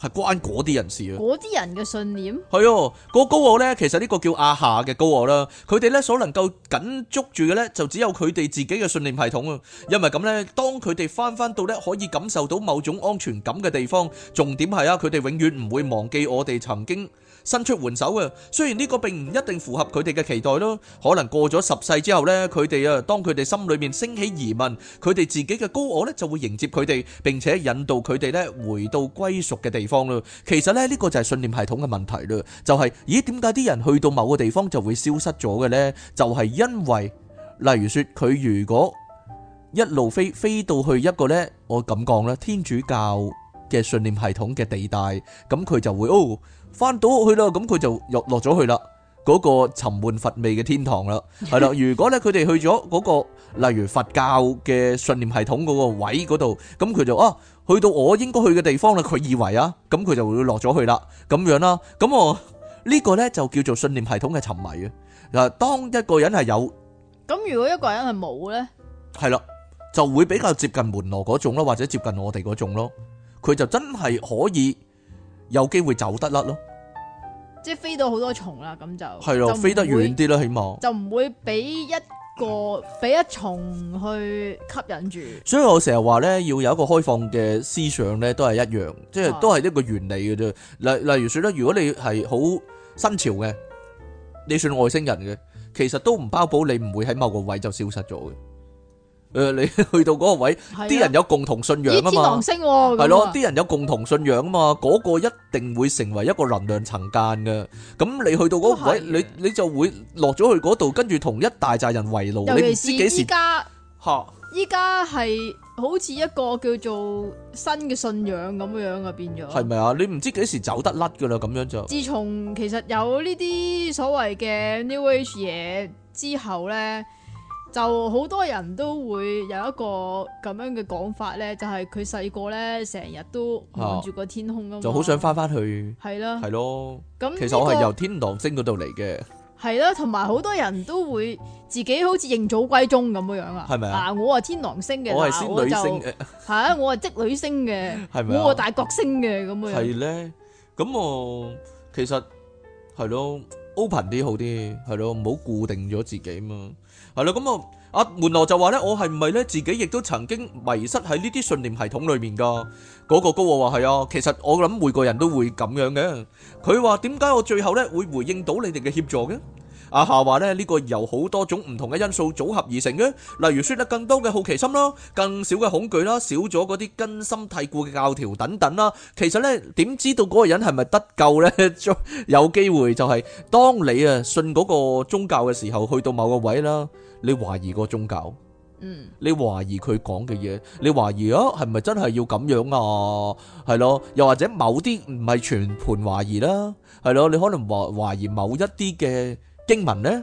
係關嗰啲人事啊，嗰啲人嘅信念係哦，嗰高我咧，其實呢個叫阿夏嘅高我啦，佢哋咧所能夠緊捉住嘅咧，就只有佢哋自己嘅信念系統啊。因為咁咧，當佢哋翻翻到咧可以感受到某種安全感嘅地方，重點係啊，佢哋永遠唔會忘記我哋曾經，伸出援手啊！雖然呢個並唔一定符合佢哋嘅期待咯，可能過咗十世之後呢，佢哋啊，當佢哋心裏面升起疑問，佢哋自己嘅高我呢就會迎接佢哋，並且引導佢哋呢回到歸屬嘅地方啦。其實呢呢個就係信念系統嘅問題啦，就係咦點解啲人去到某個地方就會消失咗嘅呢？就係因為例如說佢如果一路飛飛到去一個呢，我咁講啦，天主教嘅信念系統嘅地帶，咁佢就會哦。翻到去啦，咁佢就又落咗去啦，嗰個沉悶乏味嘅天堂啦，係啦。如果咧佢哋去咗嗰個，例如佛教嘅信念系統嗰個位嗰度，咁佢就啊，去到我應該去嘅地方啦。佢以為啊，咁佢就會落咗去啦，咁樣啦。咁我呢個咧就叫做信念系統嘅沉迷啊。嗱，當一個人係有，咁如果一個人係冇咧，係啦，就會比較接近門羅嗰種咯，或者接近我哋嗰種咯。佢就真係可以。有機會走得甩咯，即係飛到好多蟲啦，咁就係咯，飛得遠啲啦，起碼就唔會俾一個俾一蟲去吸引住。所以我成日話咧，要有一個開放嘅思想咧，都係一樣，即係都係一個原理嘅啫、哦。例例如說咧，如果你係好新潮嘅，你算外星人嘅，其實都唔包保你唔會喺某個位就消失咗嘅。誒，你去到嗰個位，啲人有共同信仰啊嘛，係咯，啲人有共同信仰啊嘛，嗰個一定會成為一個能量層間嘅。咁你去到嗰個位，你你就會落咗去嗰度，跟住同一大紮人圍爐。尤其是依家，吓，依家係好似一個叫做新嘅信仰咁樣啊，變咗係咪啊？你唔知幾時走得甩噶啦，咁樣就，自從其實有呢啲所謂嘅 New Age 嘢之後咧。就好多人都會有一個咁樣嘅講法咧，就係佢細個咧成日都望住個天空啊，就好想翻翻去係啦，係咯。咁其實我係由天狼星嗰度嚟嘅，係啦，同埋好多人都會自己好似認祖歸宗咁樣樣啊，係咪啊？我係天狼星嘅，我係仙女星嘅，係啊我係織女星嘅，係咪啊？我係大角星嘅咁樣，係咧。咁我其實係咯，open 啲好啲，係咯，唔好固定咗自己啊嘛。係啦，咁啊，阿門羅就話咧，我係唔係咧自己亦都曾經迷失喺呢啲信念系統裏面噶？嗰個高我話係啊，其實我諗每個人都會咁樣嘅。佢話點解我最後咧會回應到你哋嘅協助嘅？阿夏話咧，呢個由好多種唔同嘅因素組合而成嘅，例如說得更多嘅好奇心啦，更少嘅恐懼啦，少咗嗰啲根深蒂固嘅教條等等啦。其實咧，點知道嗰個人係咪得救咧？有機會就係當你啊信嗰個宗教嘅時候，去到某個位啦。你懷疑個宗教，嗯，你懷疑佢講嘅嘢，你懷疑啊，係咪真係要咁樣啊？係咯，又或者某啲唔係全盤懷疑啦，係咯，你可能懷懷疑某一啲嘅經文呢，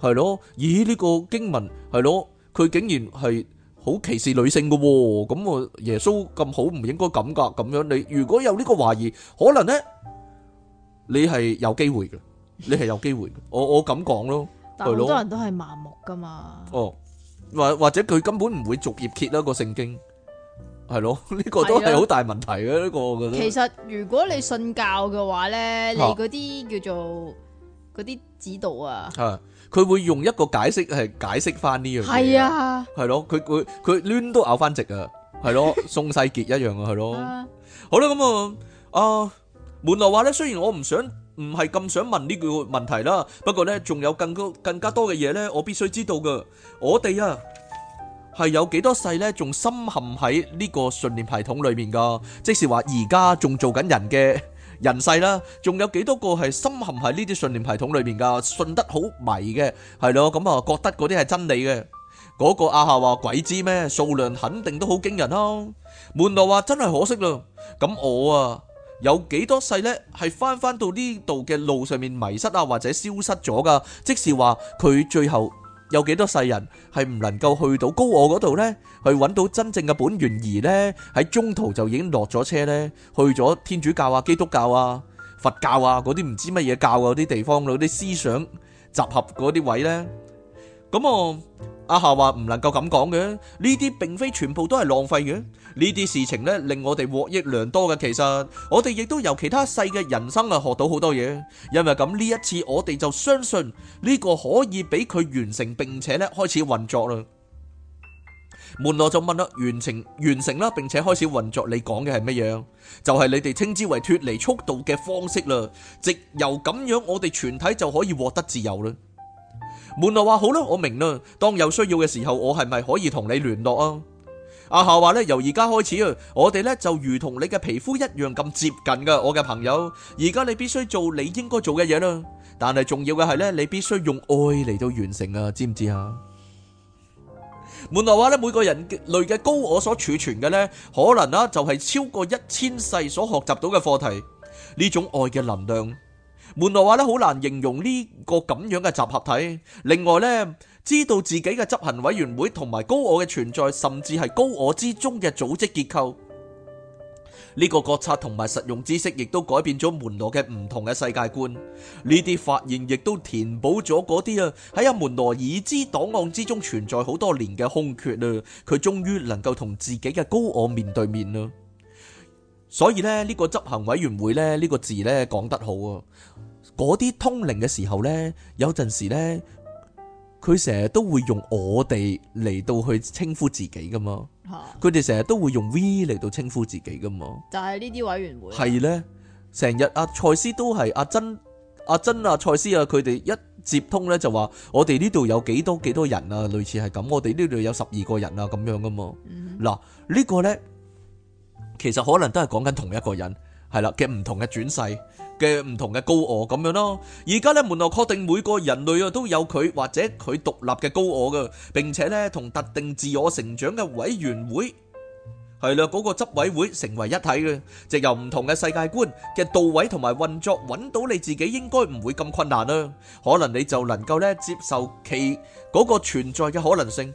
係咯，咦呢個經文係咯，佢竟然係好歧視女性噶，咁啊耶穌咁好唔應該咁噶，咁樣你如果有呢個懷疑，可能呢，你係有機會嘅，你係有機會嘅，我我咁講咯。好多人都係麻木噶嘛。哦，或或者佢根本唔會逐頁揭啦個聖經，係咯？呢個都係好大問題嘅呢個，我覺得。其實如果你信教嘅話咧，你嗰啲叫做嗰啲指導啊，係佢會用一個解釋係解釋翻呢樣嘢。係啊，係咯，佢佢佢攣都咬翻直啊，係咯，宋世傑一樣啊，係咯。好啦，咁啊啊門路話咧，雖然我唔想。唔係咁想問呢個問題啦，不過呢，仲有更多更加多嘅嘢呢，我必須知道噶。我哋啊係有幾多世呢，仲深陷喺呢個信念系統裏面噶，即是話而家仲做緊人嘅人世啦，仲有幾多個係深陷喺呢啲信念系統裏面噶，信得好迷嘅，係咯，咁啊覺得嗰啲係真理嘅。嗰個阿夏話鬼知咩？數量肯定都好驚人咯。門羅話真係可惜咯，咁我啊。有幾多世咧，係翻翻到呢度嘅路上面迷失啊，或者消失咗噶，即是話佢最後有幾多世人係唔能夠去到高我嗰度咧，去揾到真正嘅本源。而咧，喺中途就已經落咗車咧，去咗天主教啊、基督教啊、佛教啊嗰啲唔知乜嘢教嗰啲地方嗰啲思想集合嗰啲位咧，咁啊，阿夏話唔能夠咁講嘅，呢啲並非全部都係浪費嘅。呢啲事情呢，令我哋獲益良多嘅，其實我哋亦都由其他世嘅人生啊學到好多嘢。因為咁呢一次我哋就相信呢個可以俾佢完成，並且咧開始運作啦。門羅就問啦，完成完成啦，並且開始運作，你講嘅係咩樣？就係你哋稱之為脫離速度嘅方式啦，直由咁樣我哋全體就可以獲得自由啦。門羅話好啦，我明啦，當有需要嘅時候，我係咪可以同你聯絡啊？阿夏話咧，由而家開始啊，我哋咧就如同你嘅皮膚一樣咁接近噶，我嘅朋友。而家你必須做你應該做嘅嘢啦，但係重要嘅係咧，你必須用愛嚟到完成啊，知唔知啊？門羅話咧，每個人類嘅高我所儲存嘅咧，可能啊就係超過一千世所學習到嘅課題。呢種愛嘅能量。門羅話咧，好難形容呢個咁樣嘅集合體。另外咧。知道自己嘅執行委員會同埋高我嘅存在，甚至係高我之中嘅組織結構，呢、呢個覺察同埋實用知識，亦都改變咗門羅嘅唔同嘅世界觀。呢啲發現亦都填補咗嗰啲啊喺阿門羅已知檔案之中存在好多年嘅空缺啊！佢終於能夠同自己嘅高我面對面啦。所以呢，呢、呢個執行委員會呢，呢個字呢講得好啊！嗰啲通靈嘅時候呢，有陣時呢。佢成日都會用我哋嚟到去稱呼自己噶嘛，佢哋成日都會用 V 嚟到稱呼自己噶嘛，就係呢啲委員會係呢，成日阿蔡思都係阿珍。阿珍啊蔡思啊，佢哋、啊啊啊啊啊啊啊、一接通呢，就話我哋呢度有幾多幾多人啊，類似係咁，我哋呢度有十二個人啊咁樣噶嘛，嗱、嗯、呢、呢個呢，其實可能都係講緊同一個人，係啦嘅唔同嘅轉世。嘅唔同嘅高我咁樣咯，而家咧門內確定每個人類啊都有佢或者佢獨立嘅高我噶並且咧同特定自我成長嘅委員會係啦，嗰個執委會成為一體嘅，藉由唔同嘅世界觀嘅到位同埋運作，揾到你自己應該唔會咁困難啦，可能你就能夠咧接受其嗰個存在嘅可能性。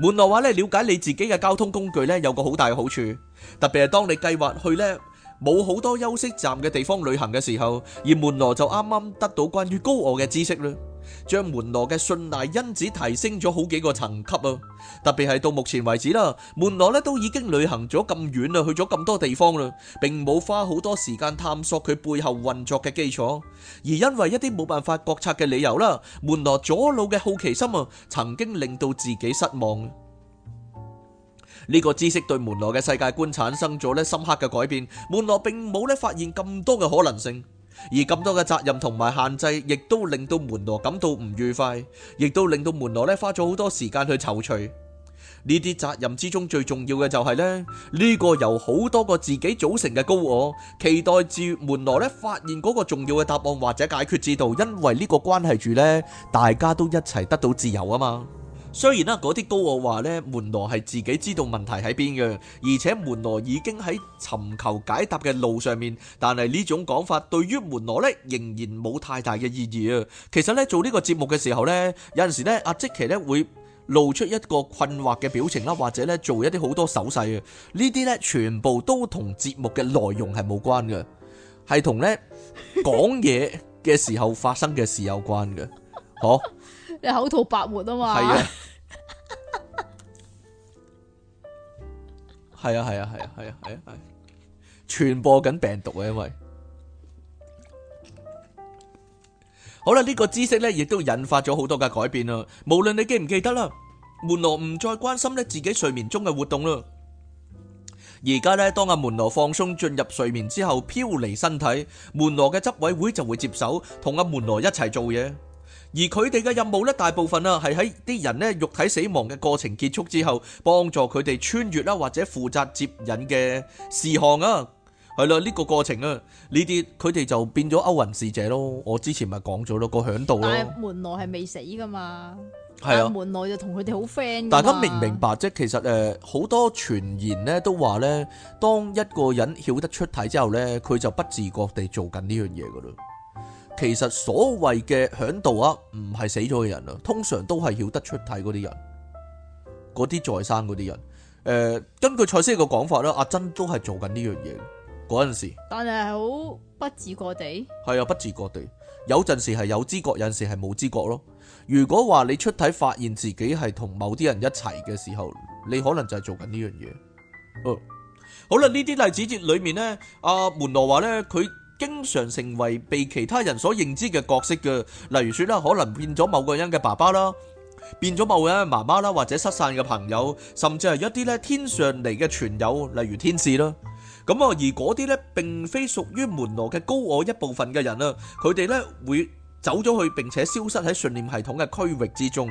門羅話呢，了解你自己嘅交通工具呢，有個好大嘅好處，特別係，當你計劃去呢冇好多休息站嘅地方旅行嘅時候，而門羅就啱啱得到關於高我嘅知識了將門羅嘅信賴因子提升咗好幾個層級啊！特別係到目前為止啦，門羅咧都已經旅行咗咁遠啦，去咗咁多地方啦，並冇花好多時間探索佢背後運作嘅基礎。而因為一啲冇辦法覺察嘅理由啦，門羅左腦嘅好奇心啊，曾經令到自己失望。呢、這個知識對門羅嘅世界觀產生咗咧深刻嘅改變。門羅並冇咧發現咁多嘅可能性。而咁多嘅責任同埋限制，亦都令到門羅感到唔愉快，亦都令到門羅咧花咗好多時間去躊躇。呢啲責任之中最重要嘅就係呢，呢個由好多個自己組成嘅高我，期待住門羅咧發現嗰個重要嘅答案或者解決之道，因為呢個關係住呢，大家都一齊得到自由啊嘛。雖然咧嗰啲高我話咧，門羅係自己知道問題喺邊嘅，而且門羅已經喺尋求解答嘅路上面。但係呢種講法對於門羅咧仍然冇太大嘅意義啊。其實咧做呢個節目嘅時候咧，有陣時咧阿積奇咧會露出一個困惑嘅表情啦，或者咧做一啲好多手勢啊。呢啲咧全部都同節目嘅內容係冇關嘅，係同咧講嘢嘅時候發生嘅事有關嘅，好。你口吐白沫啊嘛！係啊，係啊，係啊，係啊，係啊，係傳播緊病毒啊！因為好啦，呢個知識咧，亦都引發咗好多嘅改變啦。無論你記唔記得啦，門羅唔再關心咧自己睡眠中嘅活動啦。而家咧，當阿門羅放鬆進入睡眠之後，飄離身體，門羅嘅執委會就會接手，同阿門羅一齊做嘢。而佢哋嘅任務咧，大部分啊係喺啲人咧肉體死亡嘅過程結束之後，幫助佢哋穿越啦，或者負責接引嘅事項啊，係啦，呢個過程啊，呢啲佢哋就變咗歐雲使者咯。我之前咪講咗咯，個響度咯。但係門內係未死噶嘛？係啊，門內就同佢哋好 friend。大家明唔明白啫？其實誒，好多傳言咧都話咧，當一個人曉得出體之後咧，佢就不自覺地做緊呢樣嘢噶啦。其實所謂嘅嚮導，啊，唔係死咗嘅人啊，通常都係曉得出體嗰啲人，嗰啲在生嗰啲人。誒、呃，根據蔡師嘅講法咧，阿珍都係做緊呢樣嘢，嗰陣時。但係好不自覺地。係啊，不自覺地，有陣時係有知覺，有陣時係冇知覺咯。如果話你出體發現自己係同某啲人一齊嘅時候，你可能就係做緊呢樣嘢。誒、嗯，好啦，呢啲例子節裏面咧，阿、啊、門羅話咧佢。經常成為被其他人所認知嘅角色嘅，例如說啦，可能變咗某個人嘅爸爸啦，變咗某個人嘅媽媽啦，或者失散嘅朋友，甚至係一啲咧天上嚟嘅傳友，例如天使啦。咁啊，而嗰啲咧，並非屬於門羅嘅高我一部分嘅人啊，佢哋咧會走咗去，並且消失喺信念系統嘅區域之中。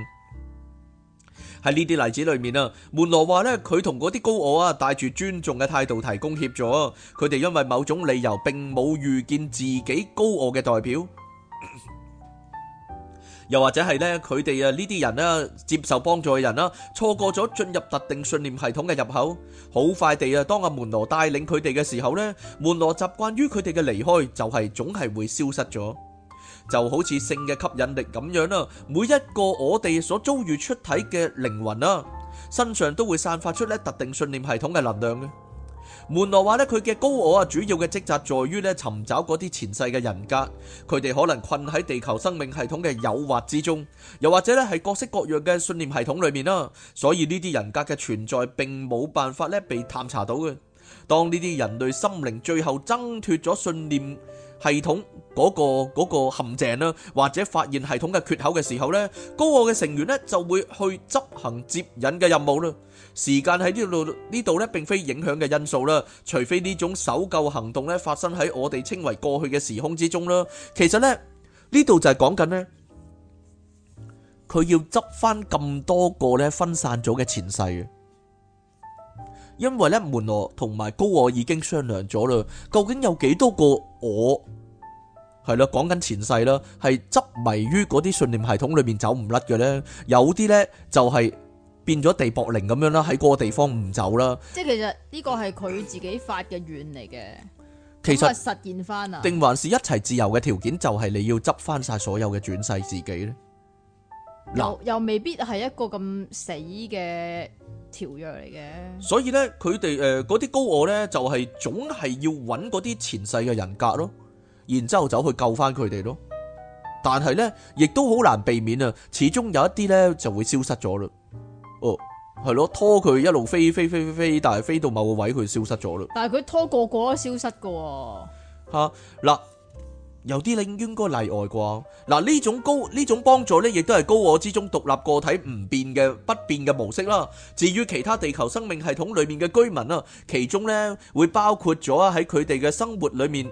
喺呢啲例子裏面啊，門羅話咧，佢同嗰啲高我啊，帶住尊重嘅態度提供協助，佢哋因為某種理由，並冇遇見自己高我嘅代表， (coughs) 又或者係咧，佢哋啊呢啲人啦，接受幫助嘅人啦，錯過咗進入特定信念系統嘅入口，好快地啊，當阿門羅帶領佢哋嘅時候呢，門羅習慣於佢哋嘅離開，就係總係會消失咗。就好似性嘅吸引力咁樣啦，每一個我哋所遭遇出體嘅靈魂啦，身上都會散發出咧特定信念系統嘅能量嘅。門羅話咧，佢嘅高我啊，主要嘅職責在於咧尋找嗰啲前世嘅人格，佢哋可能困喺地球生命系統嘅誘惑之中，又或者咧係各式各樣嘅信念系統裏面啦。所以呢啲人格嘅存在並冇辦法咧被探查到嘅。當呢啲人類心靈最後掙脫咗信念系統。嗰個嗰個陷阱啦，或者發現系統嘅缺口嘅時候呢，高我嘅成員呢就會去執行接引嘅任務啦。時間喺呢度呢度呢，並非影響嘅因素啦，除非呢種搜救行動呢發生喺我哋稱為過去嘅時空之中啦。其實呢呢度就係講緊呢，佢要執返咁多個呢分散咗嘅前世嘅，因為呢門羅同埋高我已經商量咗啦，究竟有幾多個我？係咯，講緊前世啦，係執迷於嗰啲信念系統裏面走唔甩嘅咧，有啲咧就係變咗地薄靈咁樣啦，喺嗰個地方唔走啦。即係其實呢個係佢自己發嘅願嚟嘅，其實實現翻啊，定還是一齊自由嘅條件就係你要執翻晒所有嘅轉世自己咧？又又未必係一個咁死嘅條約嚟嘅。所以咧，佢哋誒嗰啲高我咧就係總係要揾嗰啲前世嘅人格咯。然之後走去救翻佢哋咯，但係呢亦都好難避免啊！始終有一啲呢就會消失咗嘞。哦，係咯，拖佢一路飛飛飛飛飛，但係飛到某個位佢消失咗嘞。但係佢拖個個都消失噶。吓嗱，有啲應該例外啩？嗱呢種高呢種幫助呢，亦都係高我之中獨立個體唔變嘅不變嘅模式啦。至於其他地球生命系統裏面嘅居民啊，其中呢會包括咗喺佢哋嘅生活裏面。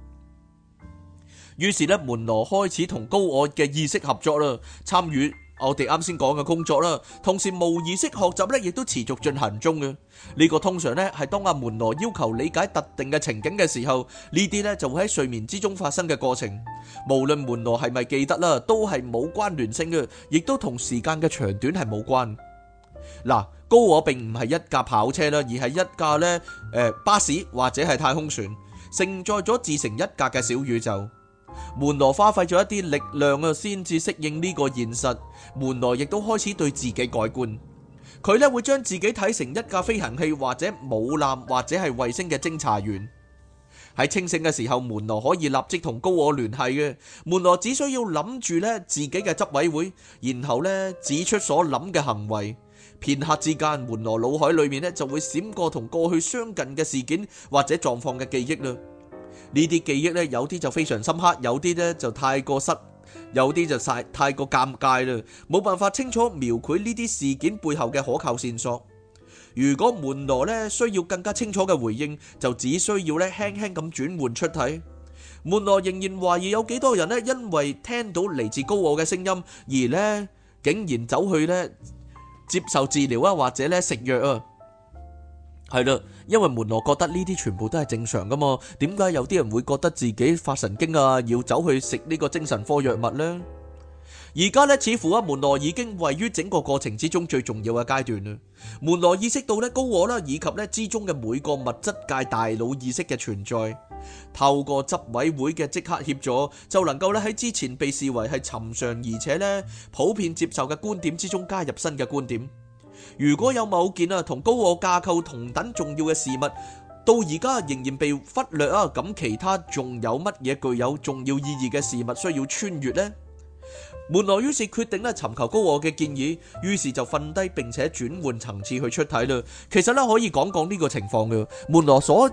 於是咧，門羅開始同高我嘅意識合作啦，參與我哋啱先講嘅工作啦。同時無意識學習咧，亦都持續進行中嘅。呢個通常咧係當阿門羅要求理解特定嘅情景嘅時候，呢啲咧就會喺睡眠之中發生嘅過程。無論門羅係咪記得啦，都係冇關聯性嘅，亦都同時間嘅長短係冇關。嗱，高我並唔係一架跑車啦，而係一架咧，誒巴士或者係太空船，承載咗自成一格嘅小宇宙。門羅花費咗一啲力量啊，先至適應呢個現實。門羅亦都開始對自己改觀，佢咧會將自己睇成一架飛行器，或者母艦，或者係衛星嘅偵查員。喺清醒嘅時候，門羅可以立即同高我聯繫嘅。門羅只需要諗住自己嘅執委會，然後指出所諗嘅行為。片刻之間，門羅腦海裏面就會閃過同過去相近嘅事件或者狀況嘅記憶啦。呢啲記憶咧，有啲就非常深刻，有啲咧就太過失，有啲就太過尷尬啦，冇辦法清楚描繪呢啲事件背後嘅可靠線索。如果門羅咧需要更加清楚嘅回應，就只需要咧輕輕咁轉換出體。門羅仍然懷疑有幾多人咧，因為聽到嚟自高我嘅聲音，而咧，竟然走去咧接受治療啊，或者咧食藥啊，係啦。因為門羅覺得呢啲全部都係正常噶嘛，點解有啲人會覺得自己發神經啊，要走去食呢個精神科藥物呢？而家咧，似乎啊，門羅已經位於整個過程之中最重要嘅階段啦。門羅意識到咧，高我啦，以及咧之中嘅每個物質界大腦意識嘅存在,透過執委會嘅即刻協助,就能夠咧喺之前被視為係尋常而且咧普遍接受嘅觀點之中加入新嘅觀點。如果有某件啊同高我架構同等重要嘅事物，到而家仍然被忽略啊，咁其他仲有乜嘢具有重要意義嘅事物需要穿越呢？門羅於是決定咧尋求高我嘅建議，於是就瞓低並且轉換層次去出體啦。其實咧可以講講呢個情況嘅，門羅所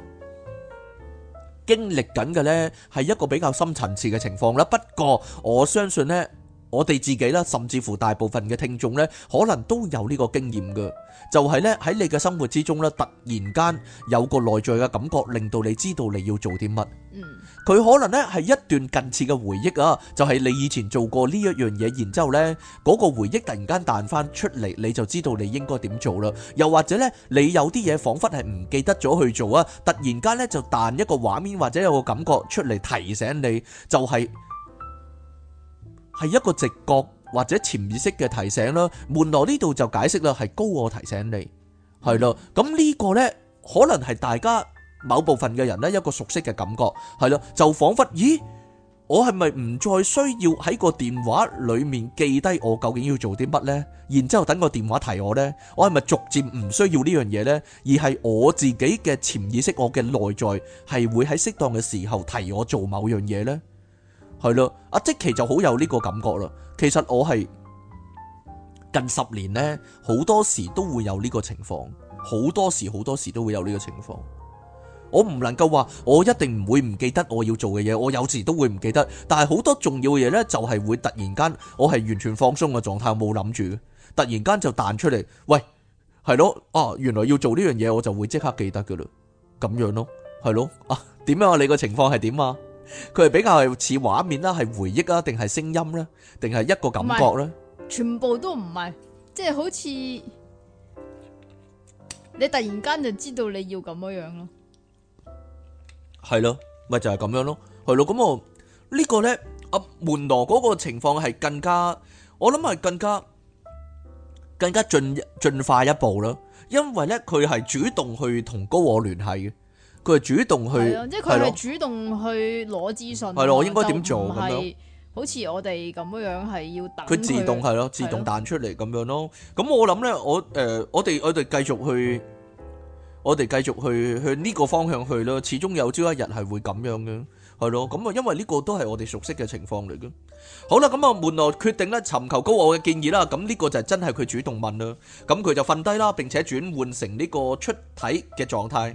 經歷緊嘅咧係一個比較深層次嘅情況啦。不過我相信咧。我哋自己啦，甚至乎大部分嘅聽眾咧，可能都有呢個經驗嘅，就係咧喺你嘅生活之中咧，突然間有個內在嘅感覺，令到你知道你要做啲乜。嗯，佢可能咧係一段近似嘅回憶啊，就係你以前做過呢一樣嘢，然之後咧嗰個回憶突然間彈翻出嚟，你就知道你應該點做啦。又或者咧，你有啲嘢仿佛係唔記得咗去做啊，突然間咧就彈一個畫面或者有個感覺出嚟提醒你，就係。係一個直覺或者潛意識嘅提醒啦，門落呢度就解釋啦，係高我提醒你，係咯，咁呢個呢可能係大家某部分嘅人呢一個熟悉嘅感覺，係咯，就仿佛咦，我係咪唔再需要喺個電話裏面記低我究竟要做啲乜呢？然之後等個電話提我呢，我係咪逐漸唔需要呢樣嘢呢？而係我自己嘅潛意識，我嘅內在係會喺適當嘅時候提我做某樣嘢呢？係咯，阿即其就好有呢個感覺啦。其實我係近十年呢，好多時都會有呢個情況，好多時好多時都會有呢個情況。我唔能夠話我一定唔會唔記得我要做嘅嘢，我有時都會唔記得。但係好多重要嘅嘢呢，就係會突然間我係完全放鬆嘅狀態，冇諗住，突然間就彈出嚟，喂，係咯，啊，原來要做呢樣嘢，我就會即刻記得噶啦，咁樣咯，係咯，啊，點樣啊？你個情況係點啊？佢係比較似畫面啦，係回憶啦，定係聲音咧，定係一個感覺咧？全部都唔係，即係好似你突然間就知道你要咁樣樣咯。係咯，咪就係咁樣咯。係咯，咁我呢個咧，阿門羅嗰個情況係更加，我諗係更加更加進進化一步咯。因為咧，佢係主動去同高我聯繫嘅。佢係主動去，即係佢係主動去攞資訊。係咯，我應該點做咁樣？係好似我哋咁樣，係要等佢自動係咯，自動彈出嚟，咁樣咯。咁我諗咧，我誒，我哋我哋繼續去，我哋繼續去向呢個方向去咯。始終有朝一日係會咁樣嘅，係咯。咁啊，因為呢個都係我哋熟悉嘅情況嚟嘅。好啦，咁啊，門羅決定咧尋求高我嘅建議啦。咁呢個就真係佢主動問啦。咁佢就瞓低啦，並且轉換成呢個出體嘅狀態。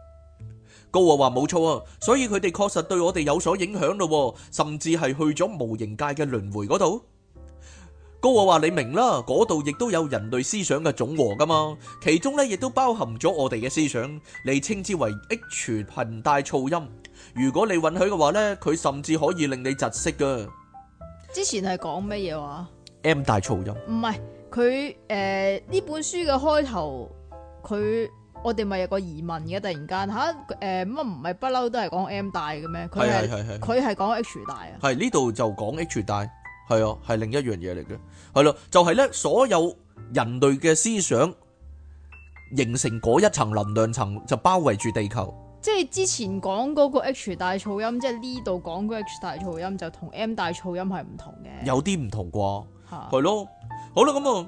高我話冇錯啊，所以佢哋確實對我哋有所影響咯，甚至係去咗無形界嘅輪迴嗰度。高我話你明啦，嗰度亦都有人類思想嘅總和噶嘛，其中咧亦都包含咗我哋嘅思想，你稱之為 H 頻帶噪音。如果你允許嘅話咧，佢甚至可以令你窒息噶。之前係講乜嘢話？M 大噪音唔係佢誒，呢本書嘅開頭佢。我哋咪有個疑問嘅，突然間吓誒，乜唔係不嬲都係講 M 大嘅咩？佢係佢係講 H 大啊？係呢度就講 H 大，係啊，係另一樣嘢嚟嘅，係咯、啊，就係咧，所有人類嘅思想形成嗰一層能量層，就包圍住地球。即係之前講嗰個 H 大噪音，即係呢度講個 H 大噪音，就同、是、M 大噪音係唔同嘅，有啲唔同啩？係咯、啊啊，好啦，咁啊。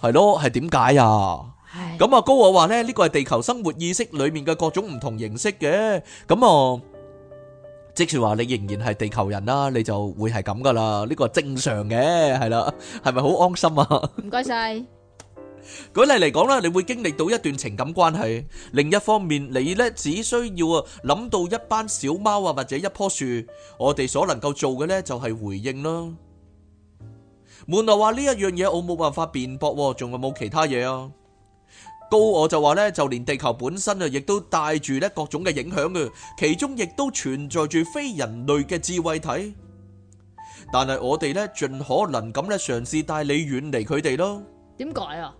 係咯，係點解啊？咁啊，高我話呢，呢個係地球生活意識裏面嘅各種唔同形式嘅。咁啊，即係話你仍然係地球人啦，你就會係咁噶啦。呢個正常嘅，係啦，係咪好安心啊？唔該晒。舉例嚟講啦，你會經歷到一段情感關係。另一方面，你呢只需要諗到一班小貓啊，或者一棵樹，我哋所能夠做嘅呢就係回應咯。門內話呢一樣嘢我冇辦法辯駁，仲有冇其他嘢啊？高我就話咧，就連地球本身啊，亦都帶住咧各種嘅影響嘅，其中亦都存在住非人類嘅智慧體。但係我哋咧盡可能咁咧，嘗試帶你遠離佢哋咯。點解啊？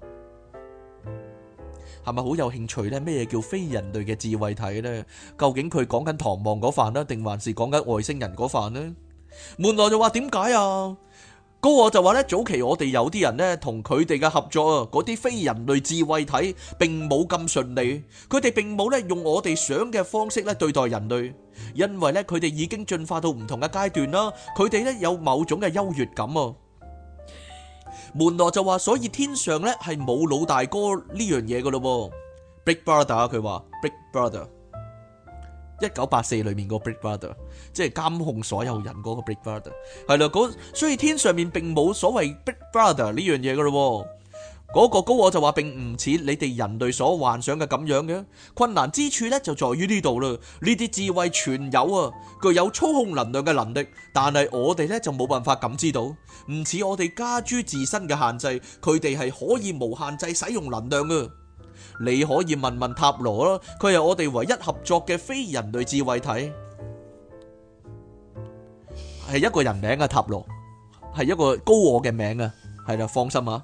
係咪好有興趣咧？咩嘢叫非人類嘅智慧體咧？究竟佢講緊唐望嗰範啊，定還是講緊外星人嗰範咧？門內就話，點解啊？不過我就話咧，早期我哋有啲人咧，同佢哋嘅合作啊，嗰啲非人類智慧體並冇咁順利，佢哋並冇咧用我哋想嘅方式咧對待人類，因為咧佢哋已經進化到唔同嘅階段啦，佢哋咧有某種嘅優越感哦。門羅就話，所以天上咧係冇老大哥呢樣嘢噶咯，Big Brother 佢話 Big Brother。一九八四裏面個 Big Brother，即係監控所有人嗰個 Big Brother，係咯，嗰所以天上面並冇所謂 Big Brother 呢樣嘢噶咯，嗰、嗰個高我就話並唔似你哋人類所幻想嘅咁樣嘅。困難之處呢就在於呢度啦，呢啲智慧全有啊，具有操控能量嘅能力，但係我哋呢就冇辦法感知到，唔似我哋加諸自身嘅限制，佢哋係可以無限制使用能量啊。你可以問問塔羅咯，佢係我哋唯一合作嘅非人類智慧體，係一個人名啊，塔羅係一個高我嘅名啊，係啦，放心啊。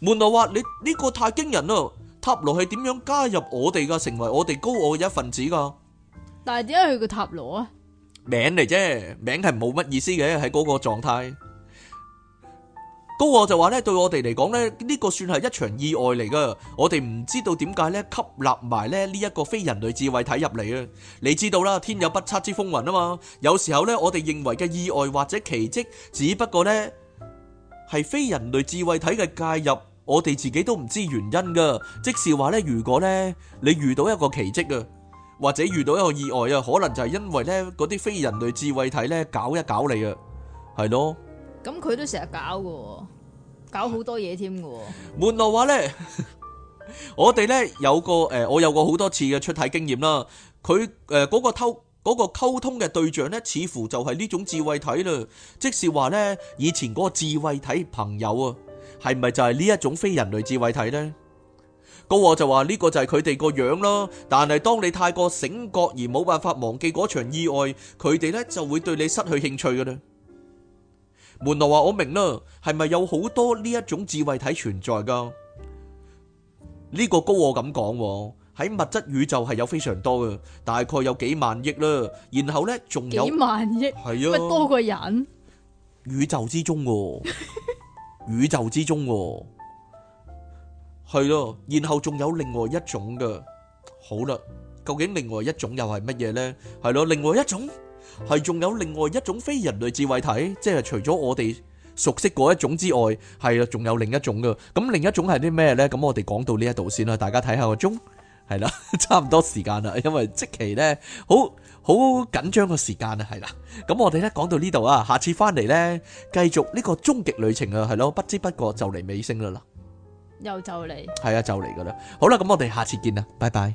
門羅話你呢個太驚人咯，塔羅係點樣加入我哋噶，成為我哋高我嘅一份子噶？但係點解佢叫塔羅啊？名嚟啫，名係冇乜意思嘅，喺嗰個狀態。高我就話咧，對我哋嚟講咧，呢個算係一場意外嚟噶。我哋唔知道點解咧吸納埋咧呢一個非人類智慧體入嚟啊！你知道啦，天有不測之風雲啊嘛。有時候咧，我哋認為嘅意外或者奇蹟，只不過咧係非人類智慧體嘅介入，我哋自己都唔知原因噶。即是話咧，如果咧你遇到一個奇蹟啊，或者遇到一個意外啊，可能就係因為咧嗰啲非人類智慧體咧搞一搞你啊，係咯。咁佢都成日搞嘅，搞好多嘢添嘅。門羅話咧，我哋咧有個誒，我有過好多次嘅出體經驗啦。佢誒嗰個偷嗰個溝通嘅對象咧，似乎就係呢種智慧體啦。即是話咧，以前嗰個智慧體朋友啊，係咪就係呢一種非人類智慧體咧？高我就話呢個就係佢哋個樣啦。但係當你太過醒覺而冇辦法忘記嗰場意外，佢哋咧就會對你失去興趣嘅啦。門路話我明啦，係咪有好多呢一種智慧體存在噶？呢個高我咁講喎，喺物質宇宙係有非常多嘅，大概有幾萬億啦。然後呢仲有幾萬億，係呀，多過人。宇宙之中，宇宙之中，係咯。然後仲有另外一種嘅。好啦，究竟另外一種又係乜嘢呢？係咯，另外一種。係仲有另外一種非人類智慧體，即係除咗我哋熟悉嗰一種之外，係啦，仲有另一種㗎。咁另一種係啲咩呢？咁我哋講到呢一度先啦，大家睇下個鐘，係啦，差唔多時間啦，因為即期呢，好好緊張個時間啊，係啦。咁我哋咧講到呢度啊，下次翻嚟呢，繼續呢個終極旅程啊，係咯，不知不覺就嚟尾聲啦啦，又就嚟，係啊，就嚟㗎啦。好啦，咁我哋下次見啦，拜拜。